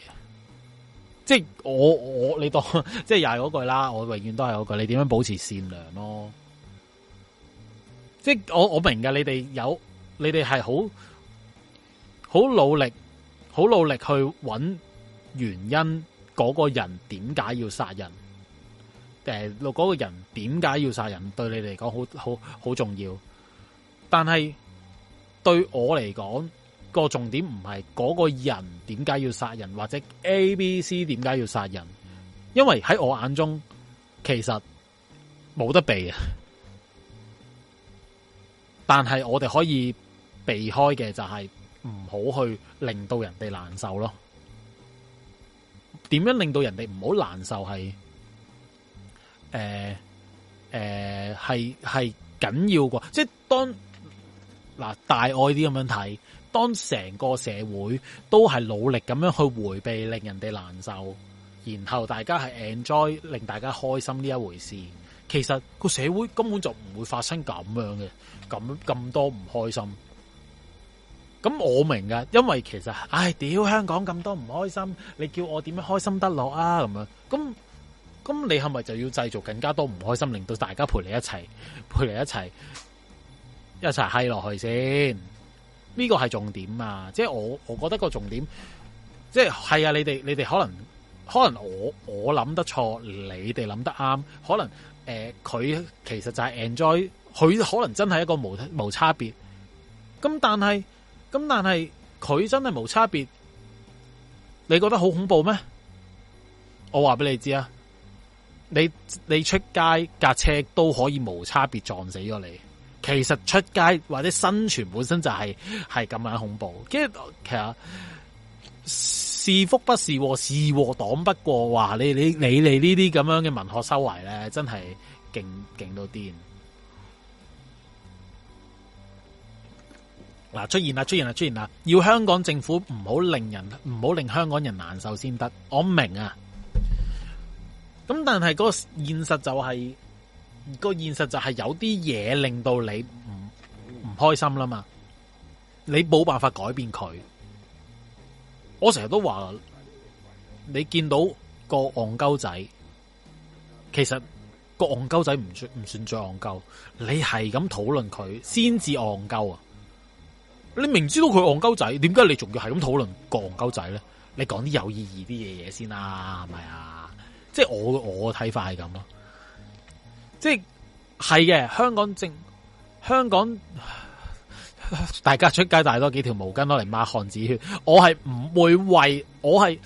即係我我你當即係又嗰句啦，我永遠都係嗰句，你點樣保持善良咯？即係我我明噶，你哋有你哋係好好努力，好努力去揾原因。嗰個人點解要殺人？誒、呃，嗰、嗰個人點解要殺人？對你嚟講，好好好重要。但係對我嚟講，個重點唔係嗰個人點解要殺人，或者 A、B、C 點解要殺人。因為喺我眼中，其實冇得避啊。但係我哋可以避開嘅就係唔好去令到人哋難受咯。點樣令到人哋唔好難受係？誒誒係係緊要嘅，即係當嗱大愛啲咁樣睇，當成個社會都係努力咁樣去回避令人哋難受，然後大家係 enjoy 令大家開心呢一回事，其實個社會根本就唔會發生咁樣嘅咁咁多唔開心。咁我明噶，因為其實，唉、哎，屌香港咁多唔開心，你叫我點樣開心得落啊？咁樣，咁咁你係咪就要製造更加多唔開心，令到大家陪你一齊，陪你一齊，一齊嗨落去先？呢、這個係重點啊！即係我，我覺得個重點，即係係啊！你哋，你哋可能，可能我我諗得錯，你哋諗得啱，可能誒，佢、呃、其實就係 enjoy，佢可能真係一個無無差別。咁但係。咁但係佢真係無差別，你覺得好恐怖咩？我話俾你知啊，你你出街架車都可以無差別撞死咗你，其實出街或者生存本身就係係咁樣恐怖。即係其實，是福不是禍，是禍擋不過。話你你你你呢啲咁樣嘅文學修為咧，真係勁勁到癲。嗱，出現啦，出現啦，出現啦！要香港政府唔好令人唔好令香港人難受先得。我明啊，咁但係嗰個現實就係，嗰個現實就係有啲嘢令到你唔開心啦嘛，你冇辦法改變佢。我成日都話，你見到個戇鳩仔，其實個戇鳩仔唔算唔算最戇鳩，你係咁討論佢先至戇鳩啊！你明知道佢戇鳩仔，點解你仲要係咁討論戇鳩仔咧？你講啲有意義啲嘅嘢先啦，係咪啊？即係我我嘅睇法係咁咯。即係係嘅，香港正，香港大家出街帶多幾條毛巾攞嚟抹汗止血。我係唔會為我係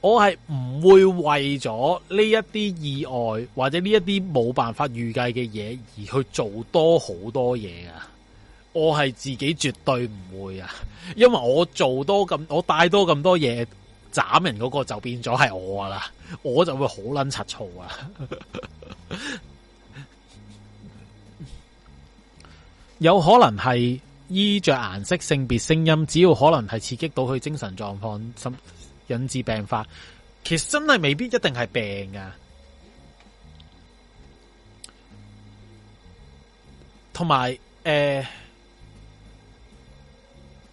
我係唔會為咗呢一啲意外或者呢一啲冇辦法預計嘅嘢而去做多好多嘢啊！我係自己絕對唔會啊，因為我做多咁，我帶多咁多嘢斬人嗰個就變咗係我啦，我就會好捻柒嘈啊。 有可能係衣着顏色、性別、聲音，只要可能係刺激到佢精神狀況，心引致病發，其實真係未必一定係病噶。同埋誒。呃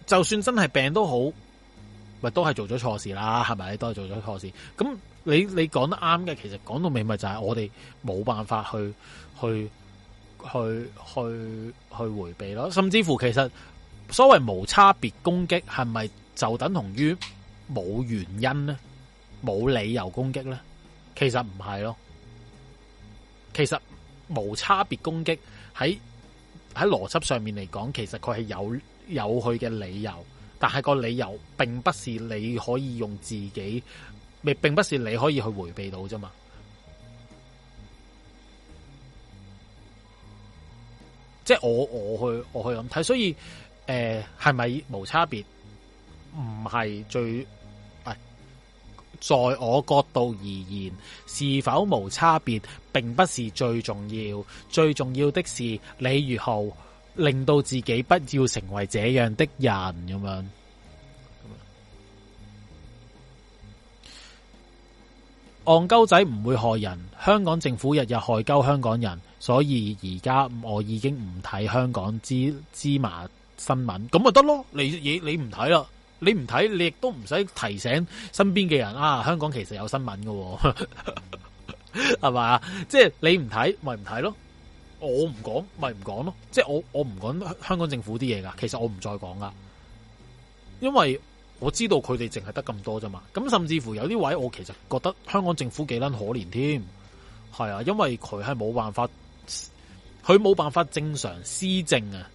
就算真係病都好，咪都係做咗錯事啦，係咪？都係做咗錯事。咁你你講得啱嘅，其實講到尾咪就係我哋冇辦法去去去去去回避咯。甚至乎，其實所謂無差別攻擊，係咪就等同於冇原因呢？冇理由攻擊呢？其實唔係咯。其實無差別攻擊喺喺邏輯上面嚟講，其實佢係有。有佢嘅理由，但係個理由並不是你可以用自己，未並不是你可以去回避到啫嘛。即係我我去我去咁睇，所以誒係咪無差別？唔係最誒、哎，在我角度而言，是否無差別，並不是最重要。最重要的是李如豪。令到自己不要成為這樣的人咁樣，戇鳩仔唔會害人。香港政府日日害鳩香港人，所以而家我已經唔睇香港芝麻新聞咁咪得咯。你你唔睇咯，你唔睇你亦都唔使提醒身邊嘅人啊。香港其實有新聞噶，係嘛？即係、 就是、你唔睇咪唔睇咯。我唔講咪唔講咯，即係我我唔講香港政府啲嘢噶，其實我唔再講啦，因為我知道佢哋淨係得咁多啫嘛。咁甚至乎有啲位我其實覺得香港政府幾撚可憐添，係啊，因為佢係冇辦法，佢冇辦法正常施政啊。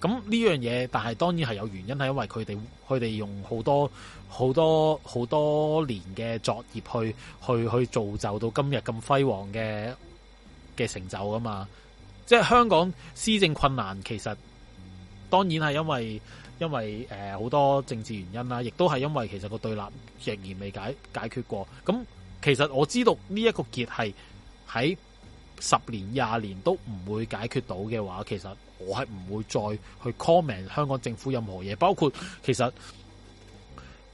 咁呢樣嘢，但係當然係有原因，係因為佢哋佢哋用好多好多好多年嘅作業去去去造就到今日咁輝煌嘅嘅成就啊嘛，即係香港施政困難，其實當然係因為因為誒好、呃、多政治原因啦，亦都係因為其實個對立仍然未解解決過。咁、嗯、其實我知道呢一個結係喺十年廿年都唔會解決到嘅話，其實我係唔會再去 comment 香港政府任何嘢，包括其實誒誒、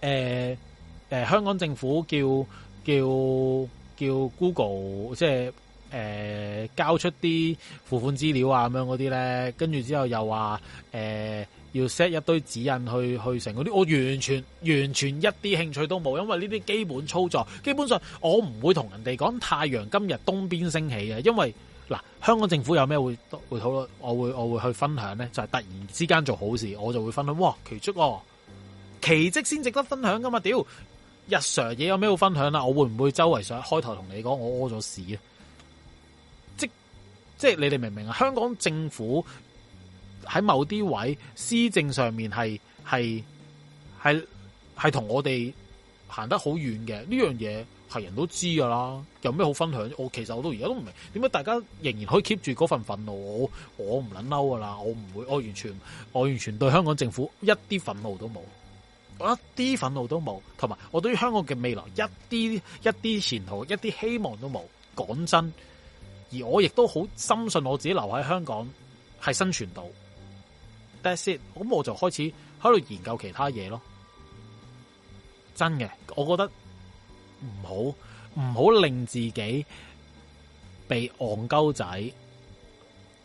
呃呃、香港政府叫叫叫 Google 即係。誒、呃，交出啲付款資料啊，咁樣嗰啲咧，跟住之後又話誒、呃、要 set 一堆指引去去成嗰啲，我完全完全一啲興趣都冇，因為呢啲基本操作，基本上我唔會同人哋講太陽今日東邊升起嘅，因為嗱香港政府有咩會會討論，我會我會去分享呢，就係、是、突然之間做好事，我就會分享，哇奇蹟喎，奇蹟先值得分享噶嘛，屌日常嘢有咩好分享啦？我會唔會周圍上開頭同你講我屙咗屎啊？即係你哋明唔明啊？香港政府喺某啲位施政上面係係係係同我哋行得好遠嘅呢樣嘢，係人都知噶啦。有咩好分享？我其實我都而家都唔明，點解大家仍然可以 keep 住嗰份憤怒？我我唔捻嬲噶啦，我唔會，我完全我完全對香港政府一啲憤怒都冇，我一啲憤怒都冇。同埋我對於香港嘅未來一啲一啲前途一啲希望都冇。講真。而我亦都好深信我自己留喺香港係生存到，that's it。咁我就開始喺度研究其他嘢咯。真嘅，我覺得唔好唔好令自己被戇鳩仔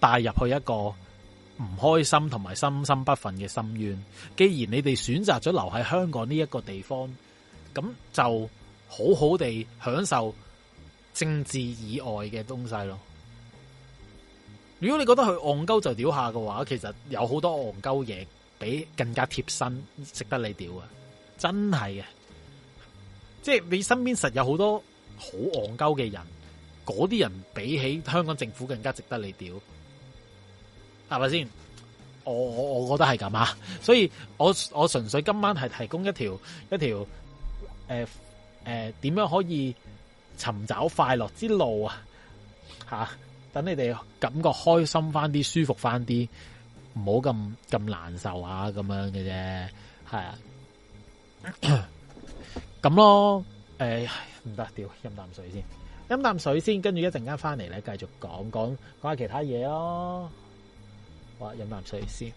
帶入去一個唔開心同埋深深不忿嘅深淵。既然你哋選擇咗留喺香港呢一個地方，咁就好好地享受。政治以外嘅東西咯，如果你覺得佢戇鳩就屌下嘅話，其實有好多戇鳩嘢比更加貼身，值得你屌啊！真係嘅，即係你身邊實有好多好戇鳩嘅人，嗰啲人比起香港政府更加值得你屌，係咪先？我我我覺得係咁啊，所以我我純粹今晚係提供一條一條，誒、呃、誒，點、呃、樣可以？尋找快樂之路啊，吓，等你哋感覺開心翻啲，舒服翻啲，唔好咁咁難受啊，咁樣嘅啫，係啊，咁 咯，誒、哎，唔得，掉飲啖水先，飲啖水先，跟住一陣間翻嚟咧，繼續講講講下其他嘢咯，哇，飲啖水先。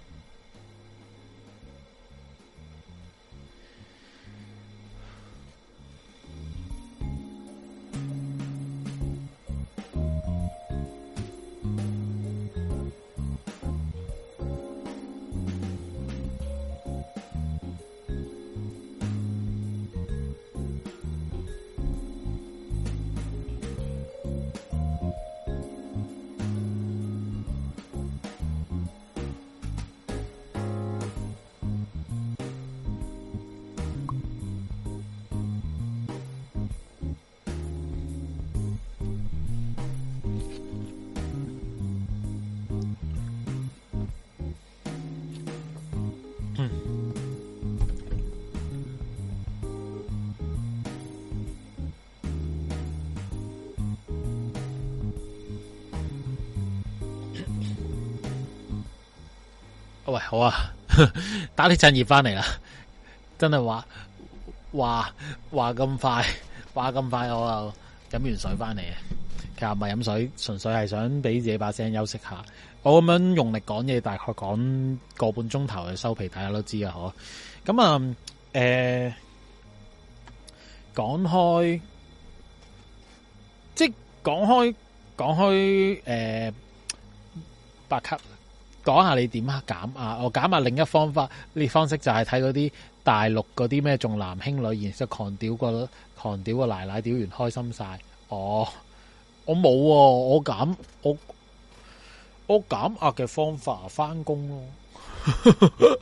好啊，打鐵趁熱翻嚟啦！真係話話話咁快，話咁快，我又飲完水翻嚟啊！其實唔係飲水，純粹係想俾自己把聲休息下。我咁樣用力講嘢，大概講個半鐘頭就收皮，大家都知好啊！嗬。咁、嗯、啊，誒、欸，講開，即係講開，講開，誒、欸，八級。講下你點啊減壓？我減壓另一方法，呢方式就係睇嗰啲大陸嗰啲咩重男輕女，然之後狂屌個狂屌個奶奶屌完開心晒。哦，我冇、啊，我減我我減壓嘅方法翻工咯，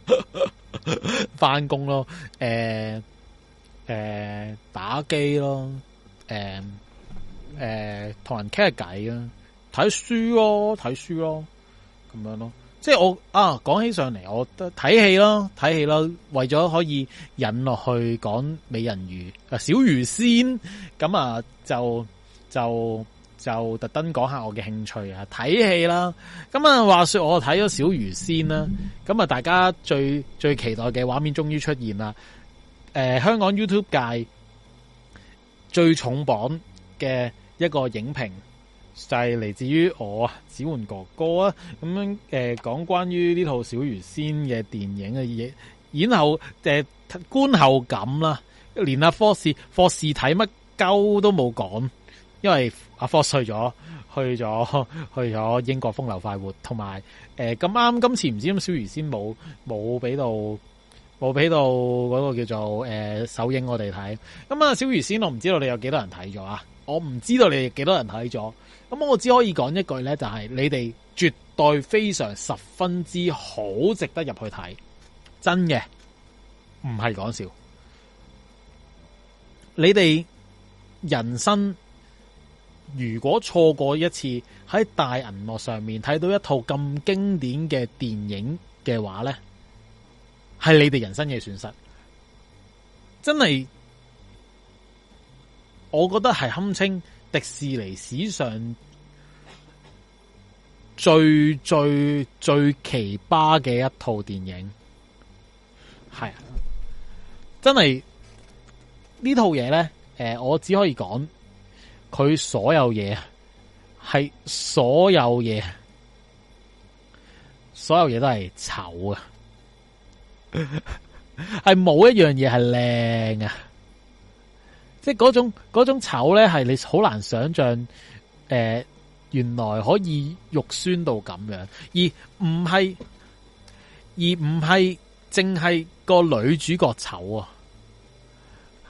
翻工 咯，誒、呃、誒、呃、打機咯，誒誒同人傾下偈啦，睇書咯，睇書咯，咁樣咯。即係我啊，講起上嚟，我睇戲囉，睇戲囉，為咗可以引落去講美人魚啊，小魚仙咁啊，就就就特登講下我嘅興趣啊，睇戲啦。咁啊，話說我睇咗小魚仙啦，咁啊，大家最最期待嘅畫面終於出現啦。誒、呃，香港 YouTube 界最重磅嘅一個影評。就係嚟自於我啊，子桓哥哥啊，咁樣誒講關於呢套小魚仙嘅電影嘅演然後誒觀、呃、後感啦，連阿科士科士睇乜鳩都冇講，因為阿科去咗去咗去咗英國風流快活，同埋誒咁啱今次唔知小魚仙冇冇俾到冇俾到嗰個叫做誒、呃、首映我哋睇，咁啊小魚仙我唔知道你有幾多人睇咗啊，我唔知道你幾多人睇咗。咁我只可以講一句呢，就係你哋絕對非常十分之好值得入去睇，真嘅，唔係講笑。你哋人生如果錯過一次喺大銀幕上面睇到一套咁經典嘅電影嘅話呢，係你哋人生嘅損失。真係，我覺得係堪稱。迪士尼史上最最最奇葩嘅一套電影，係啊，真係呢套嘢咧，誒、呃，我只可以講佢所有嘢係所有嘢，所有嘢都係醜啊，係冇 一樣嘢係靚啊。即嗰種嗰種醜咧，係你好難想象誒、呃，原來可以肉酸到咁樣，而唔係而唔係，淨係個女主角醜啊，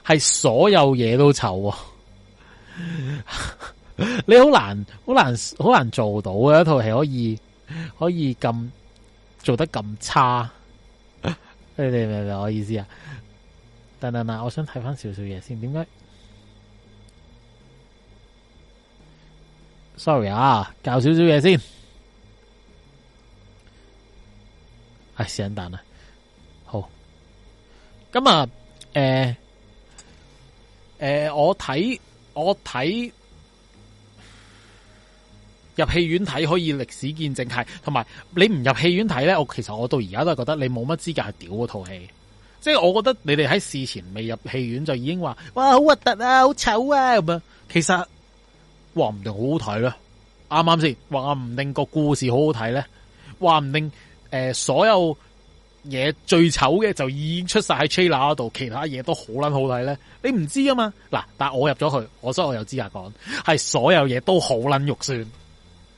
係所有嘢都醜喎， 你好難好難好難做到嘅一套戲，可以可以咁做得咁差。啊、你哋明唔明我意思啊？等等，嗱，我想睇翻少少嘢先。點解？sorry 啊，教少少嘢先。唉，係上蛋啊。好。咁啊，誒，誒，我睇，我睇入戲院睇可以歷史見證係，同埋你唔入戲院睇咧，我其實我到而家都係覺得你冇乜資格係屌嗰套戲。即係我覺得你哋喺事前未入戲院就已經話哇好核突啊，好醜啊咁啊，其實。話唔定好好睇啦，啱啱先，話唔定個故事好好睇咧，話唔定誒、呃、所有嘢最醜嘅就已經出晒喺 trailer 嗰度，其他嘢都好捻好睇咧。你唔知啊嘛，嗱，但我入咗去，我所以我有資格講係所有嘢都好捻肉酸，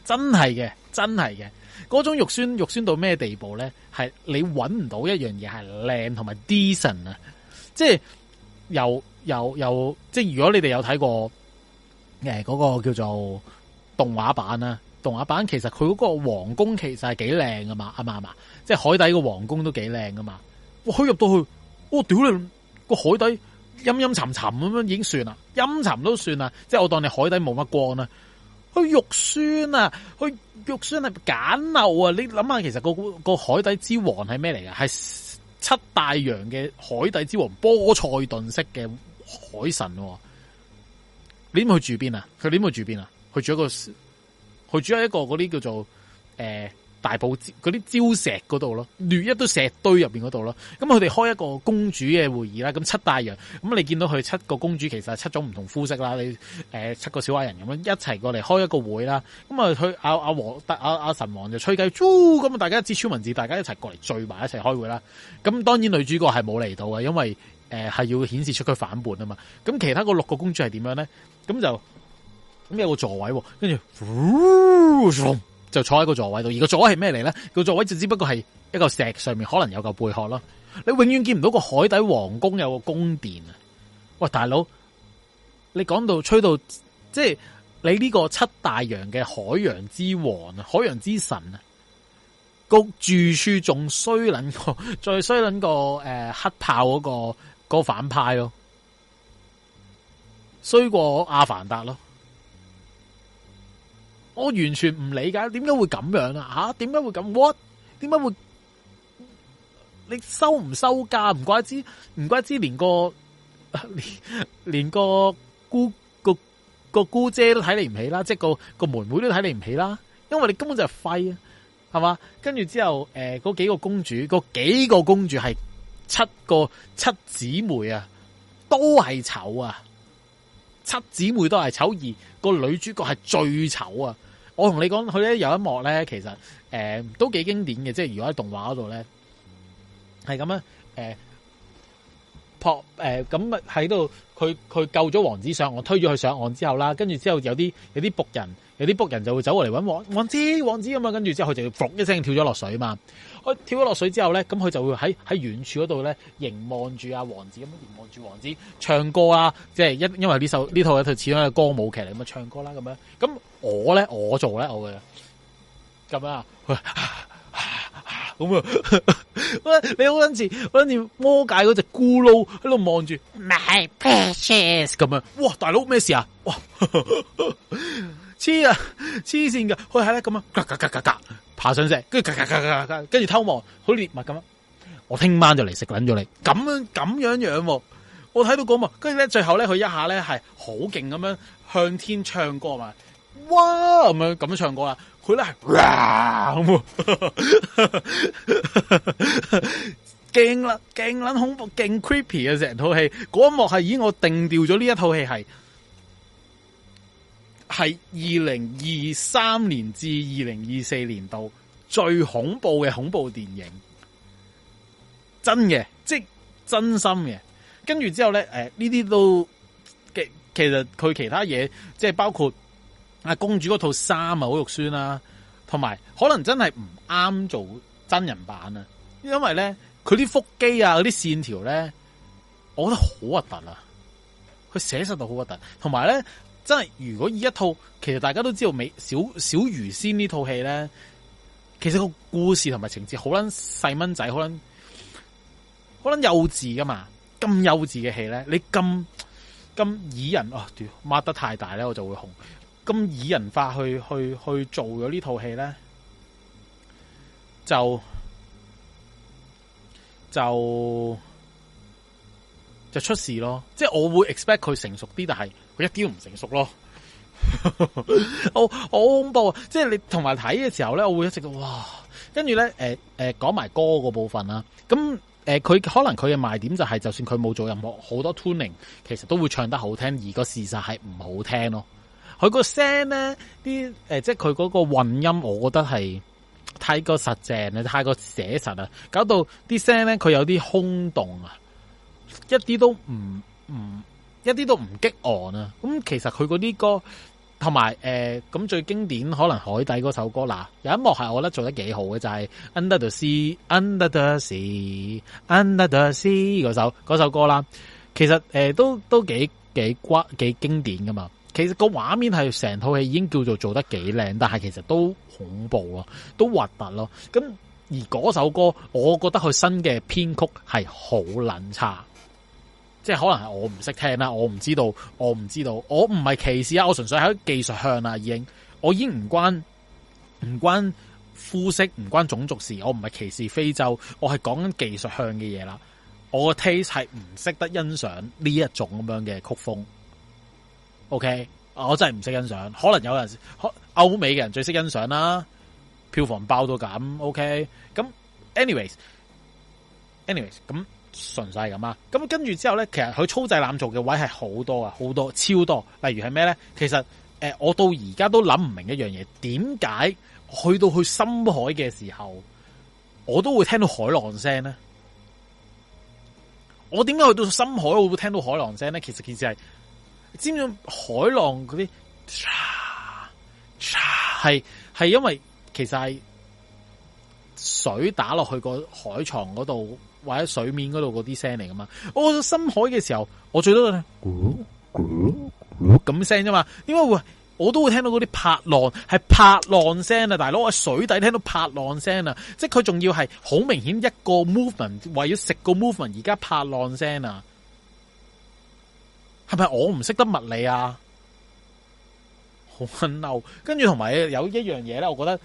真係嘅，真係嘅。嗰種肉酸肉酸到咩地步咧？係你搵唔到一樣嘢係靚同埋 decent 啊，即係又又又即係如果你哋有睇過。誒，嗰個叫做動畫版啦、啊，動畫版其實佢嗰個皇宮其實係幾靚噶嘛，啊嘛啊即係海底個皇宮都幾靚噶嘛，我入到去，我屌你個海底陰陰沉沉咁樣已經算啦，陰沉都算啦，即係我當你海底冇乜光啊去肉酸啊，去肉酸啊，簡陋啊，你諗下其實、嗰個個海底之王係咩嚟噶？係七大洋嘅海底之王波塞頓式嘅海神、啊。你咁去住邊啊？佢你咁去住邊啊？去住一個，佢住喺一個嗰啲叫做誒、呃、大堡礁嗰啲礁石嗰度咯，亂一堆石堆入邊嗰度咯。咁佢哋開一個公主嘅會議啦。咁七大洋咁你見到佢七個公主其實係七種唔同膚色啦。你誒、呃、七個小矮人咁樣一齊過嚟開一個會啦。咁啊，佢阿阿王、阿、啊、阿、啊、神王就吹雞，咁、呃、啊大家一支超文字，大家一齊過嚟聚埋一齊開會啦。咁當然女主角係冇嚟到嘅，因為誒係、呃、要顯示出佢反叛啊嘛。咁其他個六個公主係點樣咧？咁就咁有個座位，跟住就坐喺個座位度。而個座位係咩嚟咧？個座位就只不過係一個石上面，可能有嚿貝殼咯。你永遠見唔到個海底皇宮有個宮殿啊！喂，大佬，你講到吹到，即係你呢個七大洋嘅海洋之王啊，海洋之神啊，個住處仲衰捻過，再衰捻過誒、呃，黑豹嗰、嗰個、嗰個反派咯。衰過阿凡達咯！我完全唔理解點解會咁樣啊？吓，點解會咁？What？點解會？你收唔收價？唔怪之唔怪之，連個連個姑個個姑姐都睇你唔起啦，即係個個妹妹都睇你唔起啦。因為你根本就係廢啊，係嘛？跟住之後，誒、呃，嗰幾個公主，嗰幾個公主係七個七姊妹啊，都係醜啊！七姊妹都係醜兒，個女主角係最醜啊！我同你講，佢咧有一幕咧，其實誒、呃、都幾經典嘅，即係如果喺動畫嗰度咧，係咁啦，誒撲誒咁啊，喺度，佢佢、呃、救咗王子上岸，我推咗佢上岸之後啦，跟住之後有啲有啲僕人。有啲僕人就會走過嚟搵王子，王子咁啊，跟住之後佢就要撲一聲跳咗落水啊嘛！佢跳咗落水之後咧，咁、嗯、佢就會喺喺遠處嗰度咧凝望住阿王子，咁凝望住王子唱歌啊，即係因因為呢首呢套一套始終係歌舞劇嚟，咁啊唱歌啦咁樣。咁我咧我做咧我嘅咁啊，咁啊，喂你好似，好似魔戒嗰隻咕嚕喺度望住，My precious 咁啊！哇，大佬咩事啊？哇！黐啦，黐線噶，佢係咧咁嘎，爬上石，跟住跟住偷望，好獵物咁樣！我聽晚就嚟食撚咗你，咁樣咁樣樣，我睇到嗰幕，跟住咧最後咧，佢一下咧係好勁咁樣向天唱歌嘛，哇咁樣咁樣唱歌啊！佢咧係哇咁，勁啦， 勁撚恐怖，勁 creepy 啊！成套戲嗰一幕係，已經我定調咗呢一套戲係。係二零二三年至二零二四年度最恐怖嘅恐怖電影，真嘅，即係真心嘅。跟住之後咧，誒呢啲都嘅其，其實佢其他嘢，即係包括阿公主嗰套衫啊，好肉酸啦，同埋可能真係唔啱做真人版啊，因為咧佢啲腹肌啊，嗰啲線條咧，我覺得好核突啊，佢寫實到好核突，同埋咧。真係，如果以一套，其實大家都知道美小小魚仙套戲呢套戲咧，其實個故事同埋情節好撚細蚊仔，好撚好撚幼稚噶嘛。咁幼稚嘅戲咧，你咁咁擬人啊，抹、哦、得太大咧，我就會紅。咁擬人化去去去做咗呢套戲咧，就就就出事咯。即係我會 expect 佢成熟啲，但係。一啲都唔成熟咯， 好好恐怖啊！即係你同埋睇嘅時候咧，我會一直到哇，跟住咧，誒誒講埋歌嗰部分啦、啊。咁誒，佢、呃、可能佢嘅賣點就係，就算佢冇做任何好多 tuning，其實都會唱得好聽，而個事實係唔好聽咯。佢個聲咧，啲誒、呃，即係佢嗰個混音，我覺得係太過實淨啊，太過寫實啊，搞到啲聲咧，佢有啲空洞啊，一啲都唔唔。一啲都唔激昂啊！咁其實佢嗰啲歌同埋、誒，咁最經典可能海底嗰首歌，嗱，有一幕係我覺得做得幾好嘅，就係、是、Under the sea Under the sea、Under the sea、Under the sea 嗰首嗰首歌啦。其實誒、呃、都都幾幾關幾經典噶嘛。其實個畫面係成套戲已經叫做做得幾靚，但係其實都恐怖啊，都核突咯。咁而嗰首歌，我覺得佢新嘅編曲係好撚差。即係可能係我唔識聽啦，我唔知道，我唔知道，我唔係歧視啊，我純粹喺技術向啦，已經，我已經唔關唔關膚色，唔關種族事，我唔係歧視非洲，我係講緊技術向嘅嘢啦，我個 taste 係唔識得欣賞呢一種咁樣嘅曲風。OK，我真係唔識欣賞，可能有人，歐美嘅人最識欣賞啦，票房包到咁 OK，咁 anyways，anyways 咁。Anyways, anyways, 純粹咁啊！咁跟住之後咧，其實佢粗製濫造嘅位係好多啊，好多超多。例如係咩咧？其實誒、呃，我到而家都諗唔明一樣嘢，點解去到去深海嘅時候，我都會聽到海浪聲咧？我點解去到深海會聽到海浪聲咧？其實件事係尖咗海浪嗰啲？係係因為其實係水打落去個海床嗰度。或者水面嗰度嗰啲聲嚟噶嘛？我到深海嘅時候，我最多咧咕咕咁聲啫嘛。點解會？我都會聽到嗰啲拍浪，係拍浪聲啊！大佬喺水底聽到拍浪聲啊！即係佢仲要係好明顯一個 movement，為咗食個 movement，而家拍浪聲啊！係咪我唔識得物理啊？好嬲！跟住同埋有一樣嘢咧，我覺得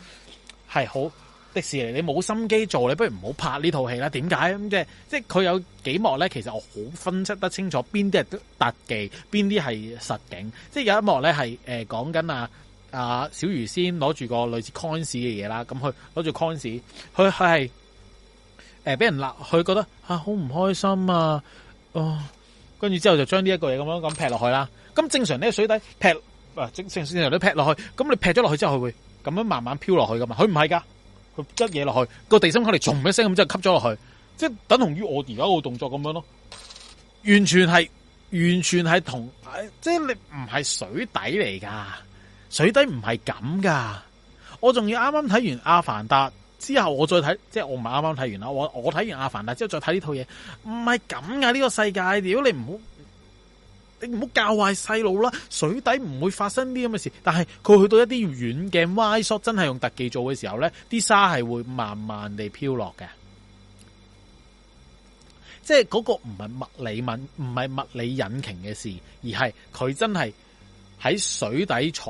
係好。迪士尼，你冇心機做，你不如唔好拍呢套戲啦。點解咁即係？即係佢有幾幕咧？其實我好分析得清楚，邊啲係特技，邊啲係實景。即係有一幕咧，係誒講緊啊啊小魚仙攞住個類似 coins 嘅嘢啦，咁佢攞住 coins，佢係誒俾人鬧，佢覺得啊好唔開心啊！哦、啊，跟住之後就將呢一個嘢咁樣咁劈落去啦。咁正常呢水底劈，啊、正，正常水底都劈落去。咁你劈咗落去之後，佢會咁樣慢慢飄落去噶嘛？佢唔係噶。佢執嘢落去，個地心引力，從一聲咁即係吸咗落去，即係等同於我而家個動作咁樣咯，完全係，完全係同，即係你唔係水底嚟噶，水底唔係咁噶，我仲要啱啱睇完《阿凡達》之後我我剛剛，我再睇，即係我唔係啱啱睇完啦，我我睇完《阿凡達》之後再睇呢套嘢，唔係咁噶，呢個世界，屌你唔好！你唔好教壞細路啦，水底唔會發生啲咁嘅事。但係佢去到一啲遠鏡歪 shot 真係用特技做嘅時候咧，啲沙係會慢慢地飄落嘅。即係嗰個唔係物理問，唔係物理引擎嘅事，而係佢真係喺水底廠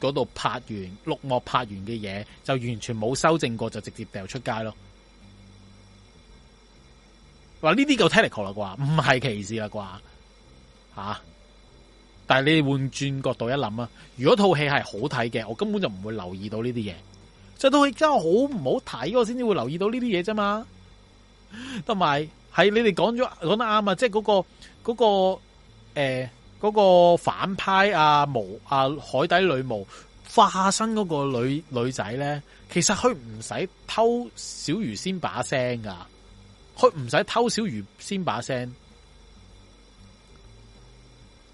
嗰度拍完綠幕拍完嘅嘢，就完全冇修正過，就直接掉出街咯。話呢啲夠 technical 啦啩，唔係歧視啦啩。吓、啊！但係你哋換轉角度一諗啊，如果套戲係好睇嘅，我根本就唔會留意到呢啲嘢。就到套戲真係好唔好睇，我先至會留意到呢啲嘢啫嘛。同埋，係你哋講咗講得啱啊！即係嗰個、嗰個誒、欸嗰個反派啊，巫啊海底女巫化身嗰個女女仔咧，其實佢唔使偷小魚仙把聲噶，佢唔使偷小魚仙把聲。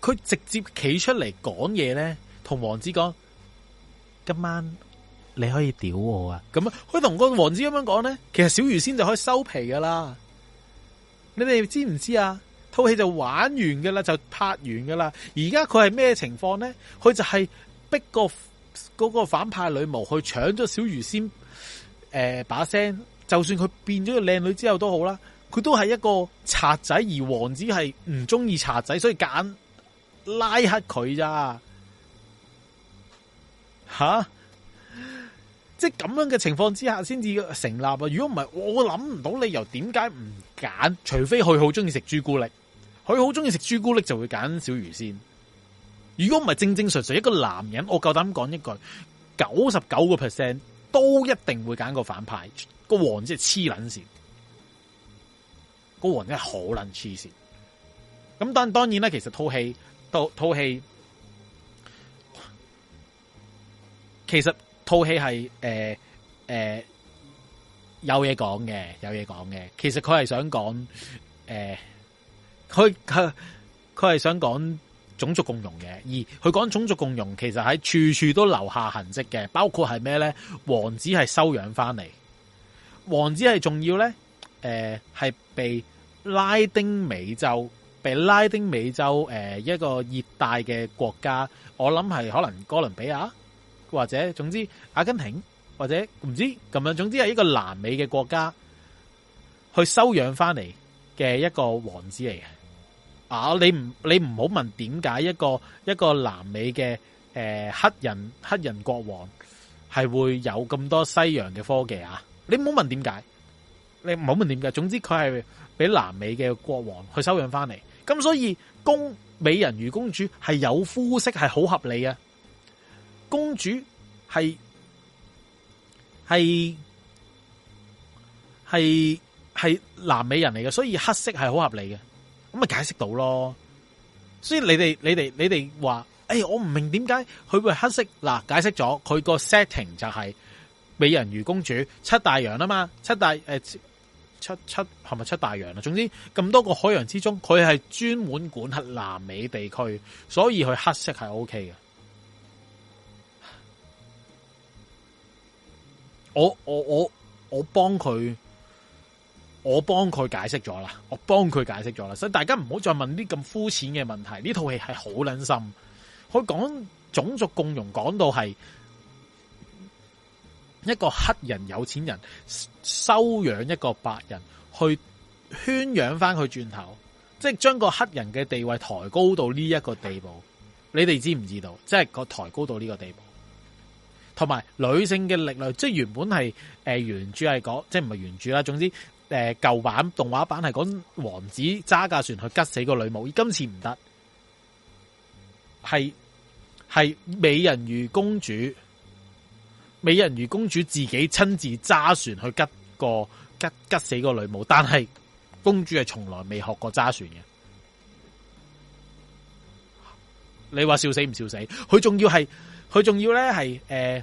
佢直接企出嚟講嘢咧，同王子講：今晚你可以屌我啊！咁啊，佢同個王子咁樣講咧，其實小魚仙就可以收皮噶啦。你哋知唔知啊？套戲就玩完噶啦，就拍完噶啦。而家佢係咩情況咧？佢就係逼個嗰個反派女巫去搶咗小魚仙。誒、呃，把聲就算佢變咗個靚女之後好都好啦，佢都係一個賊仔，而王子係唔中意賊仔，所以揀。拉黑佢咋吓？即係咁樣嘅情況之下先至成立啊！如果唔係，我諗唔到理由點解唔揀？除非佢好中意食朱古力，佢好中意食朱古力就會揀小魚仙。如果唔係正正常常一個男人，我夠膽講一句，九十九個 percent 都一定會揀個反派個王，即係黐撚綫，個王真係好撚黐綫。咁但當然呢，其實套戲。套套戲，其實套戲係誒誒有嘢講嘅，有嘢講嘅。其實佢係想講誒，佢佢係想講種族共融嘅。而佢講種族共融，其實喺處處都留下痕跡嘅。包括係咩咧？王子係收養翻嚟，王子係重要咧。誒、呃，係被拉丁美洲。俾拉丁美洲誒一個熱帶嘅國家，我諗係可能哥倫比亞或者總之阿根廷或者唔知咁樣，總之係一個南美嘅國家去收養翻嚟嘅一個王子嚟嘅。啊，你唔你唔好問點解一個一個南美嘅、呃、黑人黑人國王係會有咁多西洋嘅科技啊？你唔好問點解，你唔好問點解。總之佢係俾南美嘅國王去收養翻嚟。咁所以公美人魚公主係有膚色係好合理嘅，公主係係係係南美人嚟嘅，所以黑色係好合理嘅，咁咪解釋到咯。所以你哋你哋你哋話，誒，我唔明點解佢會黑色。嗱，解釋咗佢個 setting 就係美人魚公主七大洋啊嘛，七大誒、呃。七七係咪七大洋啦？總之咁多個海洋之中，佢係專門管轄南美地區，所以佢黑色係 O K 嘅。我我我我幫佢，我幫佢解釋咗啦，我幫佢解釋咗啦，所以大家唔好再問啲咁膚淺嘅問題。呢套戲係好捻深，佢講種族共融講到係一個黑人有錢人收養一個白人，去圈養翻佢轉頭，即係將個黑人嘅地位抬高到呢一個地步。你哋知唔知道？即係個抬高到呢個地步。同埋女性嘅力量，即係原本係誒、呃、原著係講，即係唔係原著啦。總之誒舊、呃、版動畫版係講王子揸架船去吉死個女巫，而今次唔得，係係美人魚公主。美人魚公主自己親自揸船去吉個吉吉死個女巫，但係公主係從來未學過揸船嘅。你話笑死唔笑死？佢仲要係佢仲要咧係誒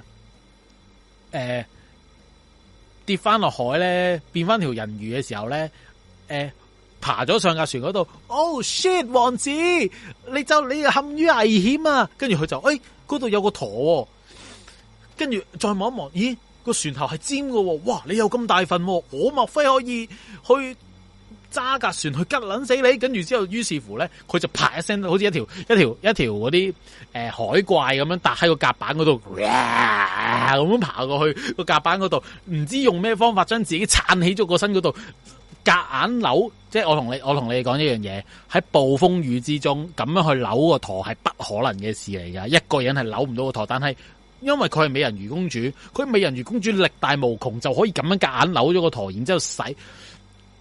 誒跌翻落海咧，變翻條人魚嘅時候咧，誒、呃、爬咗上架船嗰度。Oh shit！王子，你就你陷於危險啊！跟住佢就誒，嗰度、欸、有個舵喎、啊。」跟住再望一望，咦個船頭係尖嘅，哇你有咁大份，我莫非可以去揸架船去吉撚死你？跟住之後，於是乎咧，佢就啪一聲，好似一條一條一條嗰啲誒海怪咁樣搭喺個甲板嗰度，咁樣、啊、爬過去個甲板嗰度，唔知用咩方法將自己撐起咗個身嗰度夾硬扭，即係我同你我同你講一樣嘢，喺暴風雨之中咁樣去扭個舵係不可能嘅事嚟噶，一個人係扭唔到個舵，但係。因為佢係美人魚公主，佢美人魚公主力大無窮，就可以咁樣夾硬扭咗個陀，然之後使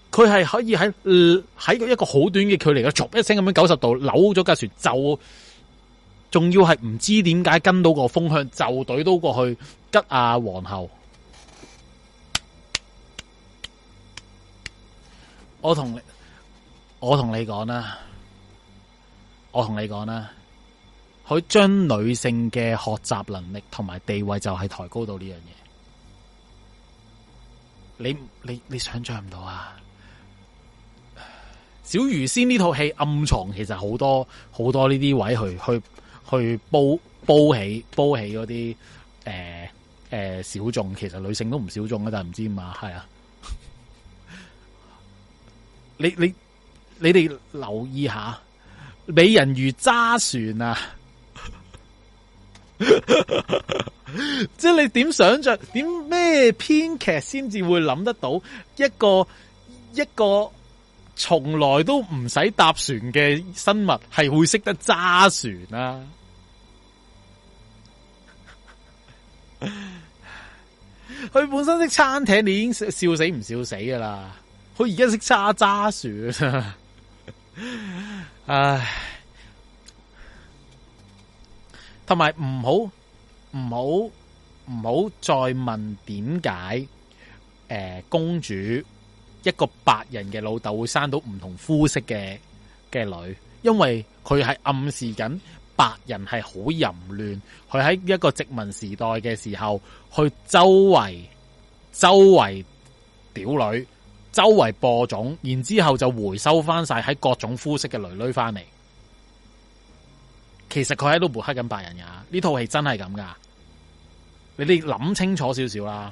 佢係可以喺喺、呃、一個好短嘅距離嘅，咗一聲咁樣九十度扭咗架船，就仲要係唔知點解跟到個風向，就懟到過去吉亞、啊、皇后。我同我同你講啦，我同你講啦。佢將女性嘅學習能力同埋地位就係抬高到呢樣嘢，你你你想象唔到啊！小魚仙呢套戲暗藏其實好多好多呢啲位去，去去去煲煲起煲起嗰啲誒誒小眾，其實女性都唔小眾嘅，但唔知嘛？係係啊你，你你你哋留意下，美人魚揸船啊！即係 你點想像？點咩編劇先至會諗得到一個一個從來都唔使搭船嘅生物係會識得揸船啊？佢 本身識撐艇，你已經笑死唔笑死噶啦？佢而家識揸揸船，啊， 唉。同埋唔好唔好唔好再問點解？誒、呃，公主一個白人嘅老豆會生到唔同膚色嘅嘅女，因為佢係暗示緊白人係好淫亂，佢喺一個殖民時代嘅時候，去周圍周圍屌女，周圍播種，然之後就回收翻晒喺各種膚色嘅女女翻嚟。其實佢喺度抹黑緊白人呀，呢套戲真係咁噶，你哋諗清楚少少啦。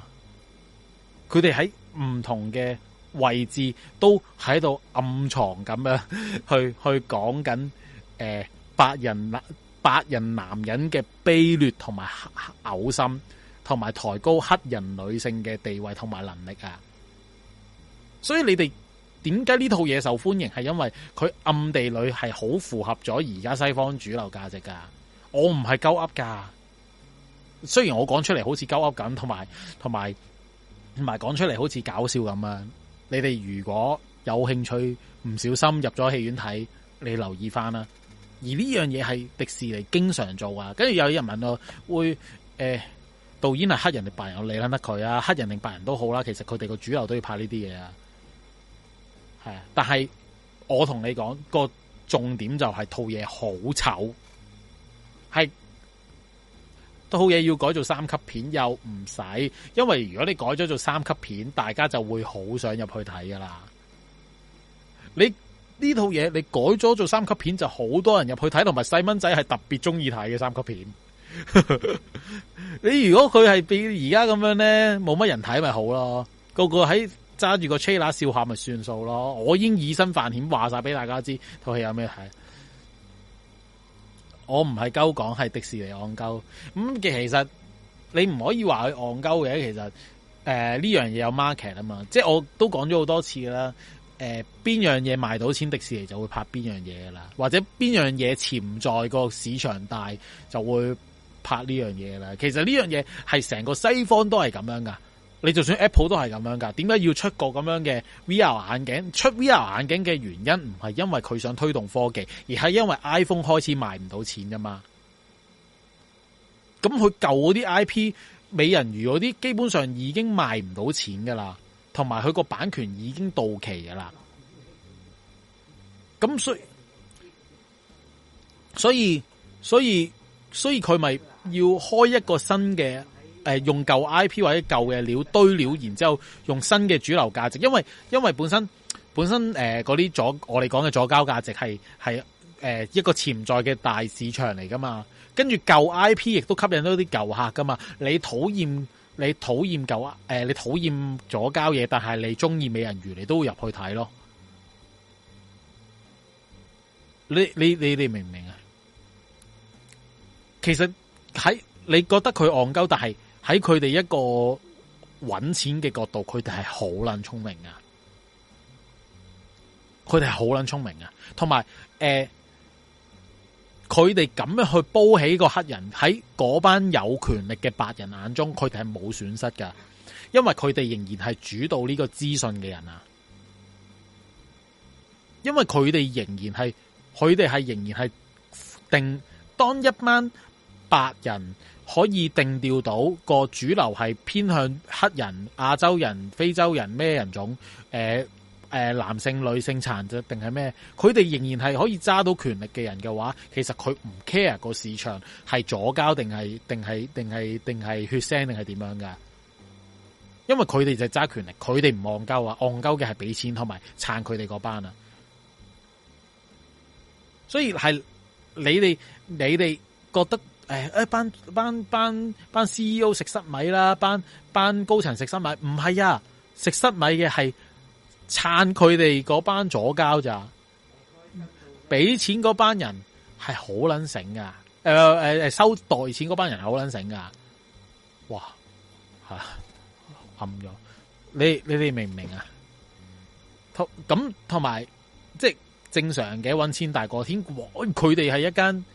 佢哋喺唔同嘅位置都喺度暗藏咁樣去去講緊誒、呃、白人男白人男人嘅卑劣同埋嘔心，同埋抬高黑人女性嘅地位同埋能力啊！所以你哋。點解呢套嘢受歡迎？係因為佢暗地裏係好符合咗而家西方主流價值噶。我唔係鳩噏噶，雖然我講出嚟好似鳩噏咁，同埋同埋同埋講出嚟好似搞笑咁啊！你哋如果有興趣，唔小心入咗戲院睇，你留意翻啦。而呢樣嘢係迪士尼經常做噶。跟住有啲人問我，會誒、欸、導演係黑人定白人，我理撚得佢啊？黑人定白人都好啦，其實佢哋個主流都要拍呢啲嘢啊。係，但係我同你講個重點就係套嘢好醜，係套嘢要改做三級片又唔使，因為如果你改咗做三級片，大家就會好想入去睇噶啦。你呢套嘢你改咗做三級片，就好多人入去睇，同埋細蚊仔係特別中意睇嘅三級片。 你如果佢係變而家咁樣咧，冇乜人睇咪好咯，個個喺。揸住個吹喇，笑下咪算數咯，我已經以身犯險，話晒俾大家知套戲有咩睇。我唔係鳩講，係迪士尼戇鳩，咁、嗯、其實你唔可以話佢戇鳩嘅，其實誒呢樣嘢有 market 啊嘛，即係我都講咗好多次啦。誒、呃、邊樣嘢賣到錢，迪士尼就會拍邊樣嘢啦，或者邊樣嘢潛在個市場大，就會拍呢樣嘢啦。其實呢樣嘢係成個西方都係咁樣噶。你就算 Apple 都係咁樣噶，點解要出個咁樣嘅 VR 眼鏡？出 VR 眼鏡嘅原因唔係因為佢想推動科技，而係因為 iPhone 開始賣唔到錢噶嘛。咁佢舊嗰啲 IP 美人魚嗰啲，基本上已經賣唔到錢噶啦，同埋佢個版權已經到期噶啦。咁所以所以所以所以佢咪要開一個新嘅。誒，用舊 I P 或者舊嘅料堆料，然之後用新嘅主流價值，因為因為本身本身誒嗰啲左我哋講嘅左膠價值係係誒一個潛在嘅大市場嚟噶嘛，跟住舊 I P 亦都吸引到啲舊客噶嘛，你討厭你討厭舊誒、呃、你討厭左膠嘢，但係你中意美人魚，你都會入去睇咯。你你你你明唔明啊？其實喺你覺得佢戇鳩，但係。喺佢哋一個揾錢嘅角度，佢哋係好撚聰明啊！佢哋係好撚聰明啊！同埋，誒、欸，佢哋咁樣去煲起個黑人喺嗰班有權力嘅白人眼中，佢哋係冇損失噶，因為佢哋仍然係主導呢個資訊嘅人啊！因為佢哋仍然係，佢哋係仍然係定當一晚。白人可以定調到個主流係偏向黑人、亞洲人、非洲人咩人種？誒、呃、誒、呃，男性、女性、殘疾定係咩？佢哋仍然係可以揸到權力嘅人嘅話，其實佢唔 care 個市場係左膠定係定係定係定係定係血腥定係點樣噶？因為佢哋就係揸權力，佢哋唔戇鳩啊，戇鳩嘅係俾錢同埋撐佢哋嗰班啊。所以係你哋，你哋覺得？誒！一、哎、班班班班 C E O 食塞米啦，班班高層食塞米，唔係啊，食塞米嘅係撐佢哋嗰班左膠咋，俾錢嗰班人係好撚醒㗎，誒誒誒收代錢嗰班人係好撚醒㗎，哇吓冚咗，你你哋明唔明啊？同咁同埋即係正常嘅揾錢大過天，佢哋係一間。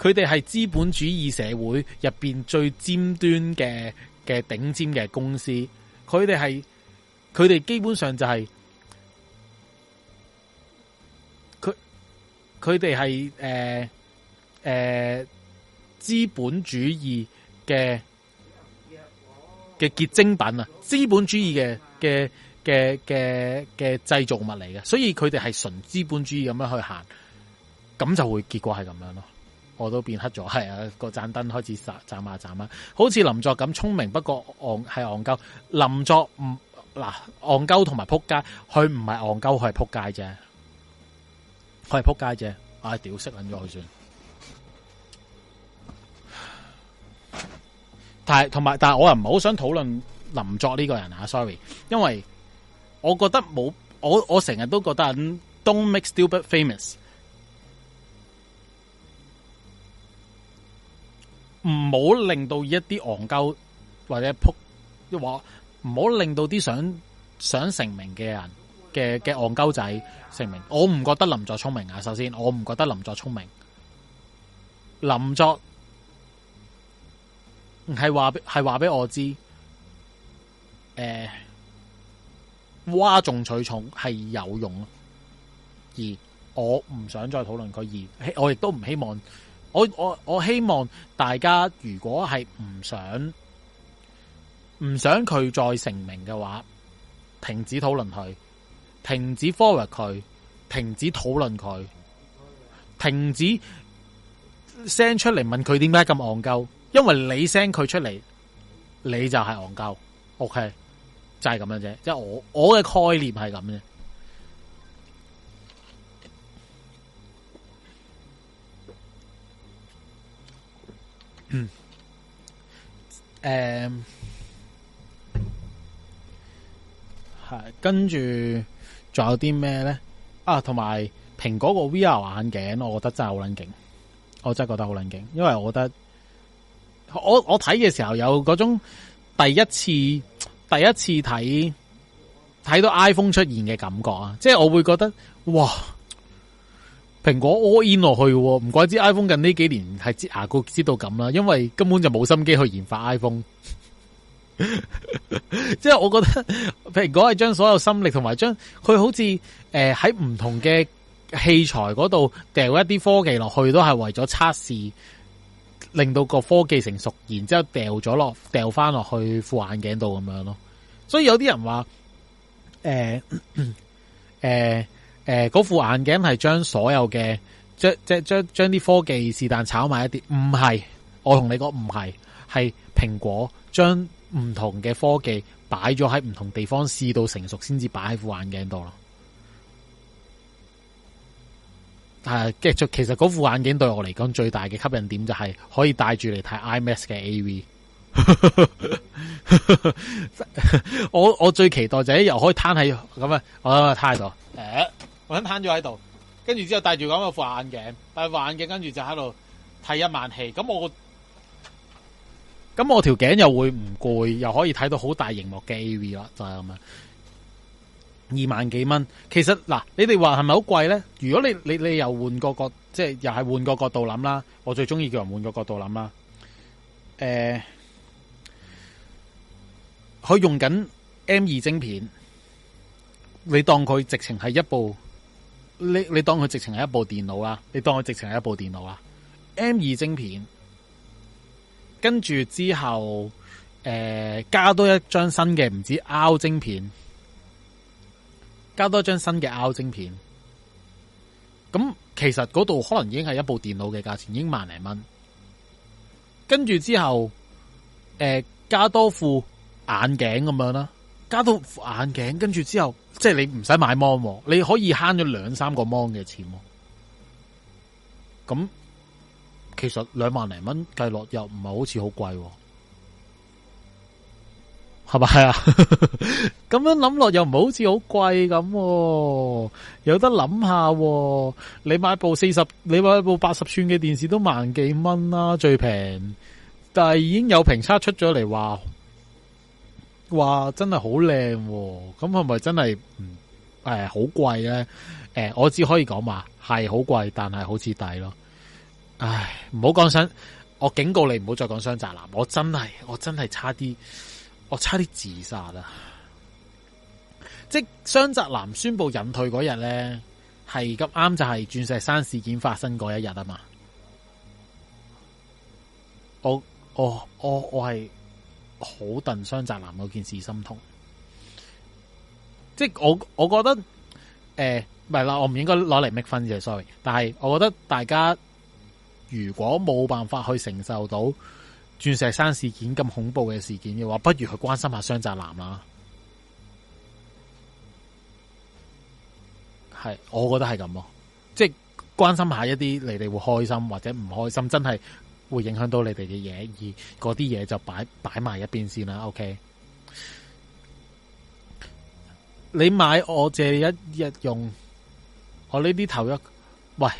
佢哋係資本主義社會入邊最尖端嘅嘅頂尖嘅公司，佢哋係佢哋基本上就係佢佢哋係誒誒資本主義嘅嘅結晶品啊，資本主義嘅嘅嘅嘅嘅製造物嚟嘅，所以佢哋係純資本主義咁樣去行，咁就會結果係咁樣咯。我都變黑咗，係啊，啊，個盞燈開始眨眨下眨啦，好似林作咁聰明，不過戇，係戇鳩。林作唔嗱，戇鳩同埋撲街，佢唔係戇鳩，佢係撲街啫，佢係撲街啫。啊，哎、屌，識撚咗佢算。但係同埋，但係我又唔係好想討論林作呢個人啊，Sorry，因為我覺得冇，我我成日都覺得，Don't make stupid famous。唔好令到一啲戇鳩或者撲，即話唔好令到啲想想成名嘅人嘅嘅戇鳩仔成名。我唔覺得林作聰明啊！首先，我唔覺得林作聰明。林作係話俾係話俾我知，誒、呃，嘩眾取寵係有用，而我唔想再討論佢，而我亦都唔希望。我我我希望大家如果係唔想唔想佢再成名嘅話，停止討論佢，停止 forward 佢，停止討論佢，停止 send 出嚟問佢點解咁戇鳩，因為你 send 佢出嚟，你就係戇鳩，OK，就係咁樣啫，即係我我嘅概念係咁嘅。誒，係、嗯、跟住仲有啲咩咧？啊，同埋蘋果個 VR 眼鏡，我覺得真係好捻勁，我真係覺得好捻勁，因為我覺得我我睇嘅時候有嗰種第一次第一次睇睇到 iPhone 出現嘅感覺啊，即係我會覺得哇！蘋果 all in 落去，唔怪之 iPhone 近呢幾年係擠牙膏擠到咁啦，因為根本就冇心機去研發 iPhone。即 係我覺得蘋果係將所有心力有、呃、同埋將佢好似誒喺唔同嘅器材嗰度掉一啲科技落去，都係為咗測試，令到個科技成熟，然之後掉咗落掉翻落去副眼鏡度咁樣咯。所以有啲人話，誒、呃、誒。誒，嗰、呃、副眼鏡係將所有嘅即即係將將啲科技是但炒埋一啲，唔係我你、嗯、同你講唔係，係蘋果將唔同嘅科技擺咗喺唔同地方試到成熟，先至擺喺副眼鏡度咯。係、呃，其實嗰副眼鏡對我嚟講最大嘅吸引點就係可以帶住嚟睇 IMAX 嘅 AV。 我我最期待就係又可以攤喺咁啊，我攤喺度誒。我一攤咗喺度，跟住之後戴住咁嘅副眼鏡，戴副眼鏡跟住就喺度睇一晚戲咁。我咁我條頸又會唔攰，又可以睇到好大熒幕嘅 A.V. 啦，就係咁樣二萬幾蚊。其實嗱，你哋話係咪好貴咧？如果你你你又換個角，即係又係換個角度諗啦。我最中意叫人換個角度諗啦。誒、欸，佢用緊 M 二晶片，你當佢直情係一部。你你當佢直情係一部電腦啦，你當佢直情係一部電腦啦。M2 晶片，跟住之後，誒、呃、加多一張新嘅唔知 R 晶片，加多一張新嘅 R 晶片。咁其實嗰度可能已經係一部電腦嘅價錢，已經萬零蚊。跟住之後，誒、呃、加多副眼鏡咁樣啦。加到眼鏡，跟住之後，即係你唔使買芒喎，你可以慳咗兩三個芒嘅錢喎。咁其實兩萬零蚊計落又唔係好似好貴，係咪啊？咁 樣諗落又唔係好似好貴咁，有得諗下。你買一部四十，你買一部八十寸嘅電視都萬幾蚊啦，最平。但係已經有評測出咗嚟話。話真係好靚，咁係咪真係唔誒好貴咧？誒、欸欸，我只可以講話，係好貴，但係好似抵咯。唉，唔好講雙，我警告你唔好再講雙宅男，我真係我真係差啲，我差啲自殺啦！即雙宅男宣布引退嗰日咧，係咁啱就係鑽石山事件發生嗰一日啊嘛！我我我我係。好戥雙宅男嗰件事心痛，即係我我覺得，誒、呃，唔係啦，我唔應該攞嚟 make fun 嘅 sorry，但係我覺得大家如果冇辦法去承受到鑽石山事件咁恐怖嘅事件嘅話，不如去關心下雙宅男啦。係，我覺得係咁咯，即係關心下一啲你哋會開心或者唔開心，真係。會影響到你哋嘅嘢，而嗰啲嘢就擺擺埋一邊先啦。OK，你買我借一日用，我呢啲頭一，喂，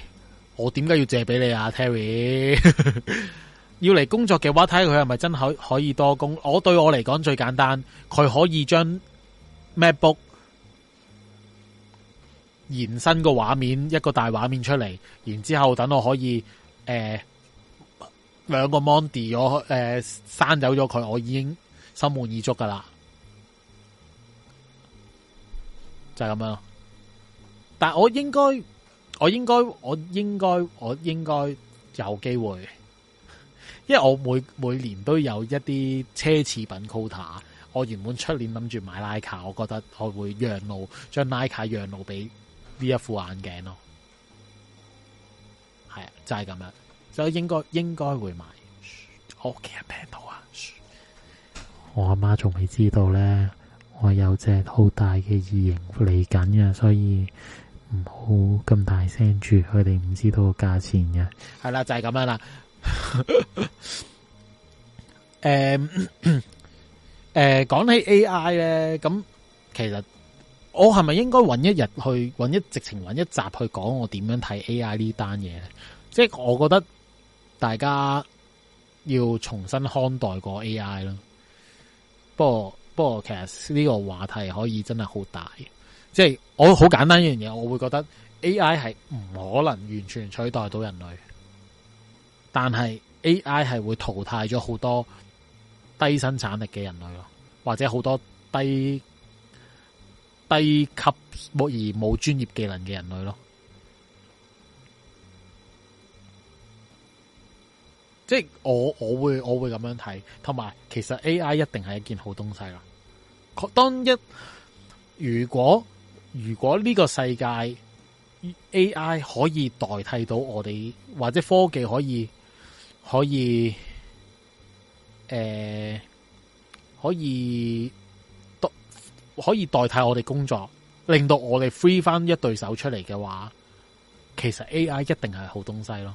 我點解要借俾你啊？Terry， 要嚟工作嘅話，睇下佢係咪真可可以多工。我對我嚟講最簡單，佢可以將 MacBook 延伸個畫面，一個大畫面出嚟，然之後等我可以誒。呃兩個 m o n d y 我誒刪走咗佢，我已經心滿意足噶啦，就係咁樣。但我應該，我應該，我應該，我應該有機會，因為我每每年都有一啲奢侈品 quota，我原本出年諗住買 Nike，我覺得我會讓路，將 Nike 讓路俾呢一副眼鏡咯，係啊，就係咁樣。所以應該應該會買，屋企人聽到啊！我阿媽仲未知道咧，我有隻好大嘅異形嚟緊嘅，所以唔好咁大聲住，佢哋唔知道個價錢嘅。係啦，就係、是、咁樣啦。誒 誒、嗯嗯，講起 A I 咧，咁其實我係咪應該揾一日去揾一，直情揾一集去講我點樣睇 A I 呢單嘢咧？即係我覺得。大家要重新看待過 AI 咯，不過不過其實呢個話題可以真係好大，即係我好簡單一樣嘢，我會覺得 AI 係唔可能完全取代到人類，但係 AI 係會淘汰咗好多低生產力嘅人類咯，或者好多低低級而冇專業技能嘅人類咯。即係我我會我會咁樣睇，同埋其實 AI 一定係一件好東西啦。當一如果如果呢個世界 AI 可以代替到我哋，或者科技可以可以誒、呃、可以可以代替我哋工作，令到我哋 free 翻一對手出嚟嘅話，其實 AI 一定係好東西咯。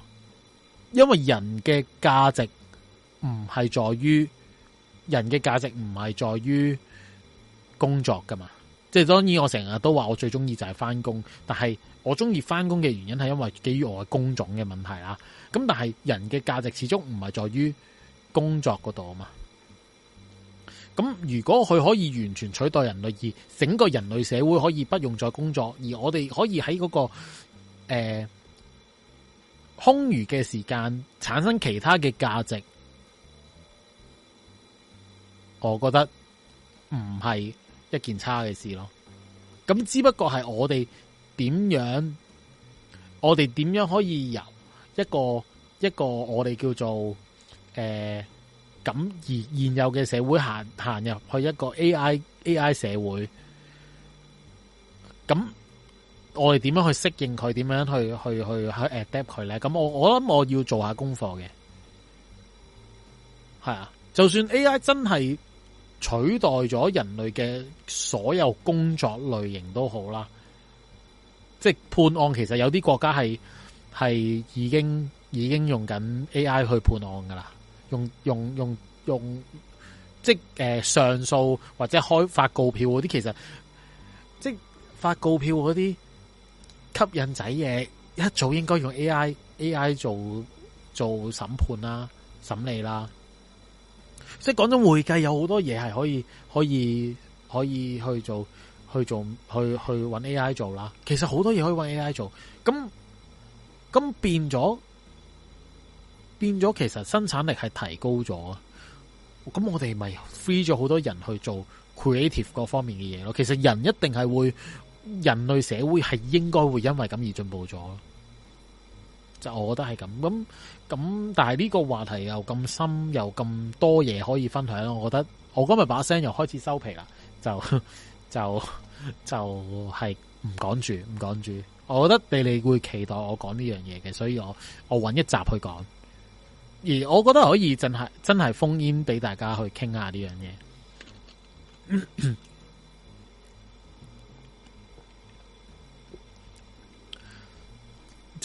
因為人嘅價值唔係在於人嘅價值唔係在於工作噶嘛，即係當然我成日都話我最中意就係翻工，但係我中意翻工嘅原因係因為基於我嘅工種嘅問題啦。咁但係人嘅價值始終唔係在於工作嗰度啊嘛。咁如果佢可以完全取代人類而整個人類社會可以不用再工作，而我哋可以喺嗰個誒。呃空餘嘅時間產生其他嘅價值，我覺得唔係一件差嘅事咯。咁只不過係我哋點樣，我哋點樣可以由一個一個我哋叫做誒咁而現有嘅社會行行入去一個 AI AI 社會，咁。我哋點樣去適應佢？點樣去去去去 adapt 佢咧？咁我我諗我要做下功課嘅，係啊。就算 AI 真係取代咗人類嘅所有工作類型都好啦，即係判案，其判案、呃。其實有啲國家係係已經已經用緊 AI 去判案噶啦，用用用用即係誒上訴或者開發告票嗰啲，其實即係發告票嗰啲。吸引仔嘢一早應該用 A I A I 做做審判啦、審理啦，即係講咗會計有好多嘢係可以可以可以去做去做去去揾 A I 做啦。其實好多嘢可以揾 A I 做，咁咁變咗變咗，其實生產力係提高咗啊！咁我哋咪 free 咗好多人去做 creative 嗰方面嘅嘢咯。其實人一定係會。人類社會係應該會因為咁而進步咗，就我覺得係咁咁咁。但係呢個話題又咁深，又咁多嘢可以分享，我覺得我今日把聲又開始收皮啦，就就就係唔講住，唔講住。我覺得你哋會期待我講呢樣嘢嘅，所以我我揾一集去講，而我覺得可以真係真係烽煙俾大家去傾下呢樣嘢。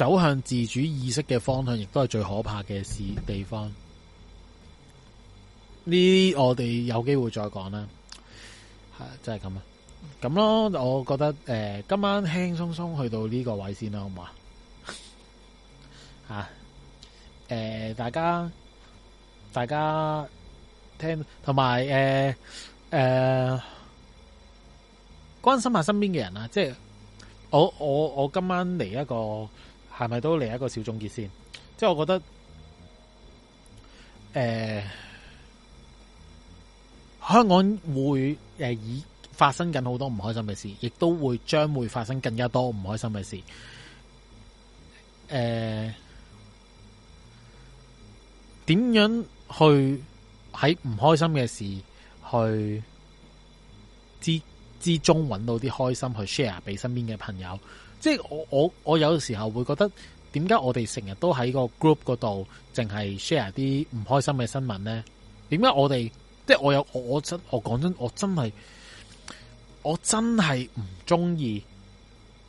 走向自主意識嘅方向，亦都係最可怕嘅事地方。呢啲我哋有機會再講啦。係，真係咁啊，咁咯。我覺得誒、呃，今晚輕輕鬆鬆去到呢個位先啦，好唔好？啊，誒、呃，大家，大家聽，同埋誒誒，關心下身邊嘅人啊。即係我我我今晚嚟一個。係咪都嚟一個小總結先？即係我覺得，誒、呃，香港會誒以、呃、發生緊好多唔開心嘅事，亦都會將會發生更加多唔開心嘅事。誒、呃，點樣去喺唔開心嘅事去之之中揾到啲開心去 share 俾身邊嘅朋友？即係我我我有時候會覺得，點解我哋成日都喺個 group 嗰度淨係 share 啲唔開心嘅新聞咧？點解我哋即係我有我我真我講真我真係我真係唔中意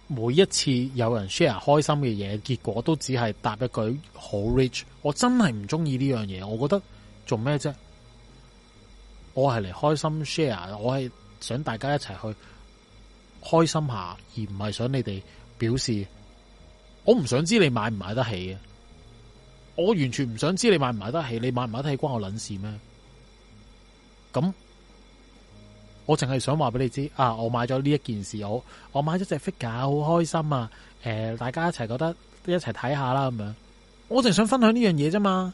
每一次有人 share 開心嘅嘢，結果都只係答一句好 rich。我真係唔中意呢樣嘢。我覺得做咩啫？我係嚟開心 share，我係想大家一齊去開心下，而唔係想你哋。表示我唔想知你買唔買得起，我完全唔想知你買唔買得起，你買唔買得起關我撚事咩？咁我淨係想話俾你知啊！我買咗呢一件事，我我買咗隻 figure，好開心啊！誒、呃，大家一齊覺得一齊睇下啦，咁樣，我淨係想分享呢樣嘢啫嘛。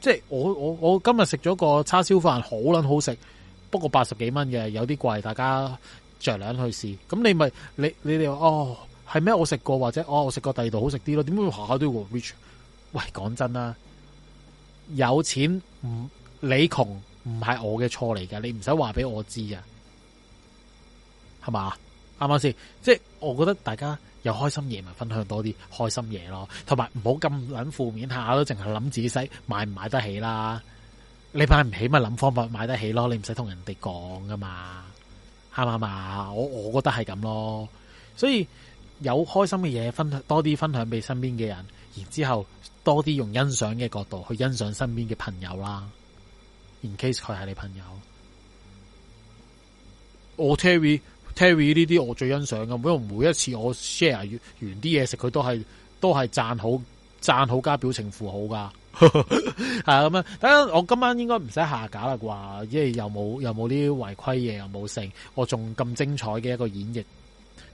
即係我我我今日食咗個叉燒飯，好撚好食，不過八十幾蚊嘅，有啲貴，大家。着兩去試，咁你咪你你哋話哦係咩？我食過或者哦我食過第二度好食啲咯？點解學校都要 rich？喂，講真啦，有錢唔你窮唔係我嘅錯嚟噶，你唔使話俾我知啊，係嘛，啱唔啱先？即係、就是、我覺得大家有開心嘢，咪分享多啲開心嘢咯，同埋唔好咁撚負面下都淨係諗自己使買唔買得起啦？你買唔起咪諗方法買得起咯，你唔使同人哋講噶嘛。啱唔啱啊？我我覺得係咁咯，所以有開心嘅嘢分多啲，分享俾身邊嘅人，然之後多啲用欣賞嘅角度去欣賞身邊嘅朋友啦。In case 佢係你朋友，我、oh, Terry Terry 呢啲我最欣賞噶，因為每一次我 share 完啲嘢食，佢都係都係讚好讚好加表情符號噶。係啊，咁樣， 等我今晚應該唔使下架啦啩，因為又冇又冇啲違規嘢，又冇剩，我仲咁精彩嘅一個演繹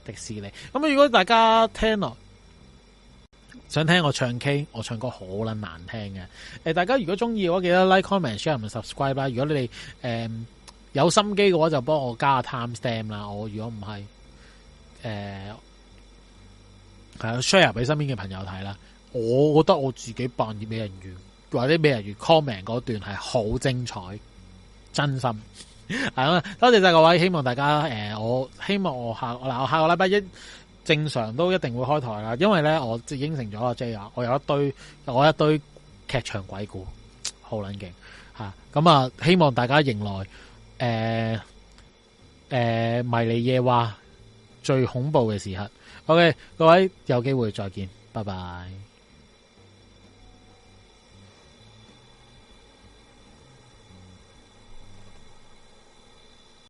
迪士尼。咁如果大家聽落，想聽我唱 K，我唱歌好撚難聽嘅。誒，大家如果中意嘅話，記得 like、comment、share 同 subscribe 啦。如果你哋誒、呃，有心機嘅話，就幫我加下 time stamp 啦。我如果唔係，誒、呃，係 share 俾身邊嘅朋友睇啦。我覺得我自己扮演美人魚或者美人魚 comment 嗰段係好精彩，真心係啊！ 多謝晒各位，希望大家誒、呃，我希望我下嗱我下個禮拜一正常都一定會開台啦，因為咧我應承咗啊 J 啊，我有一堆我一堆劇場鬼故好冷靜吓，咁啊希望大家迎來誒誒、呃呃、迷離夜話最恐怖嘅時刻。OK，各位有機會再見，拜拜。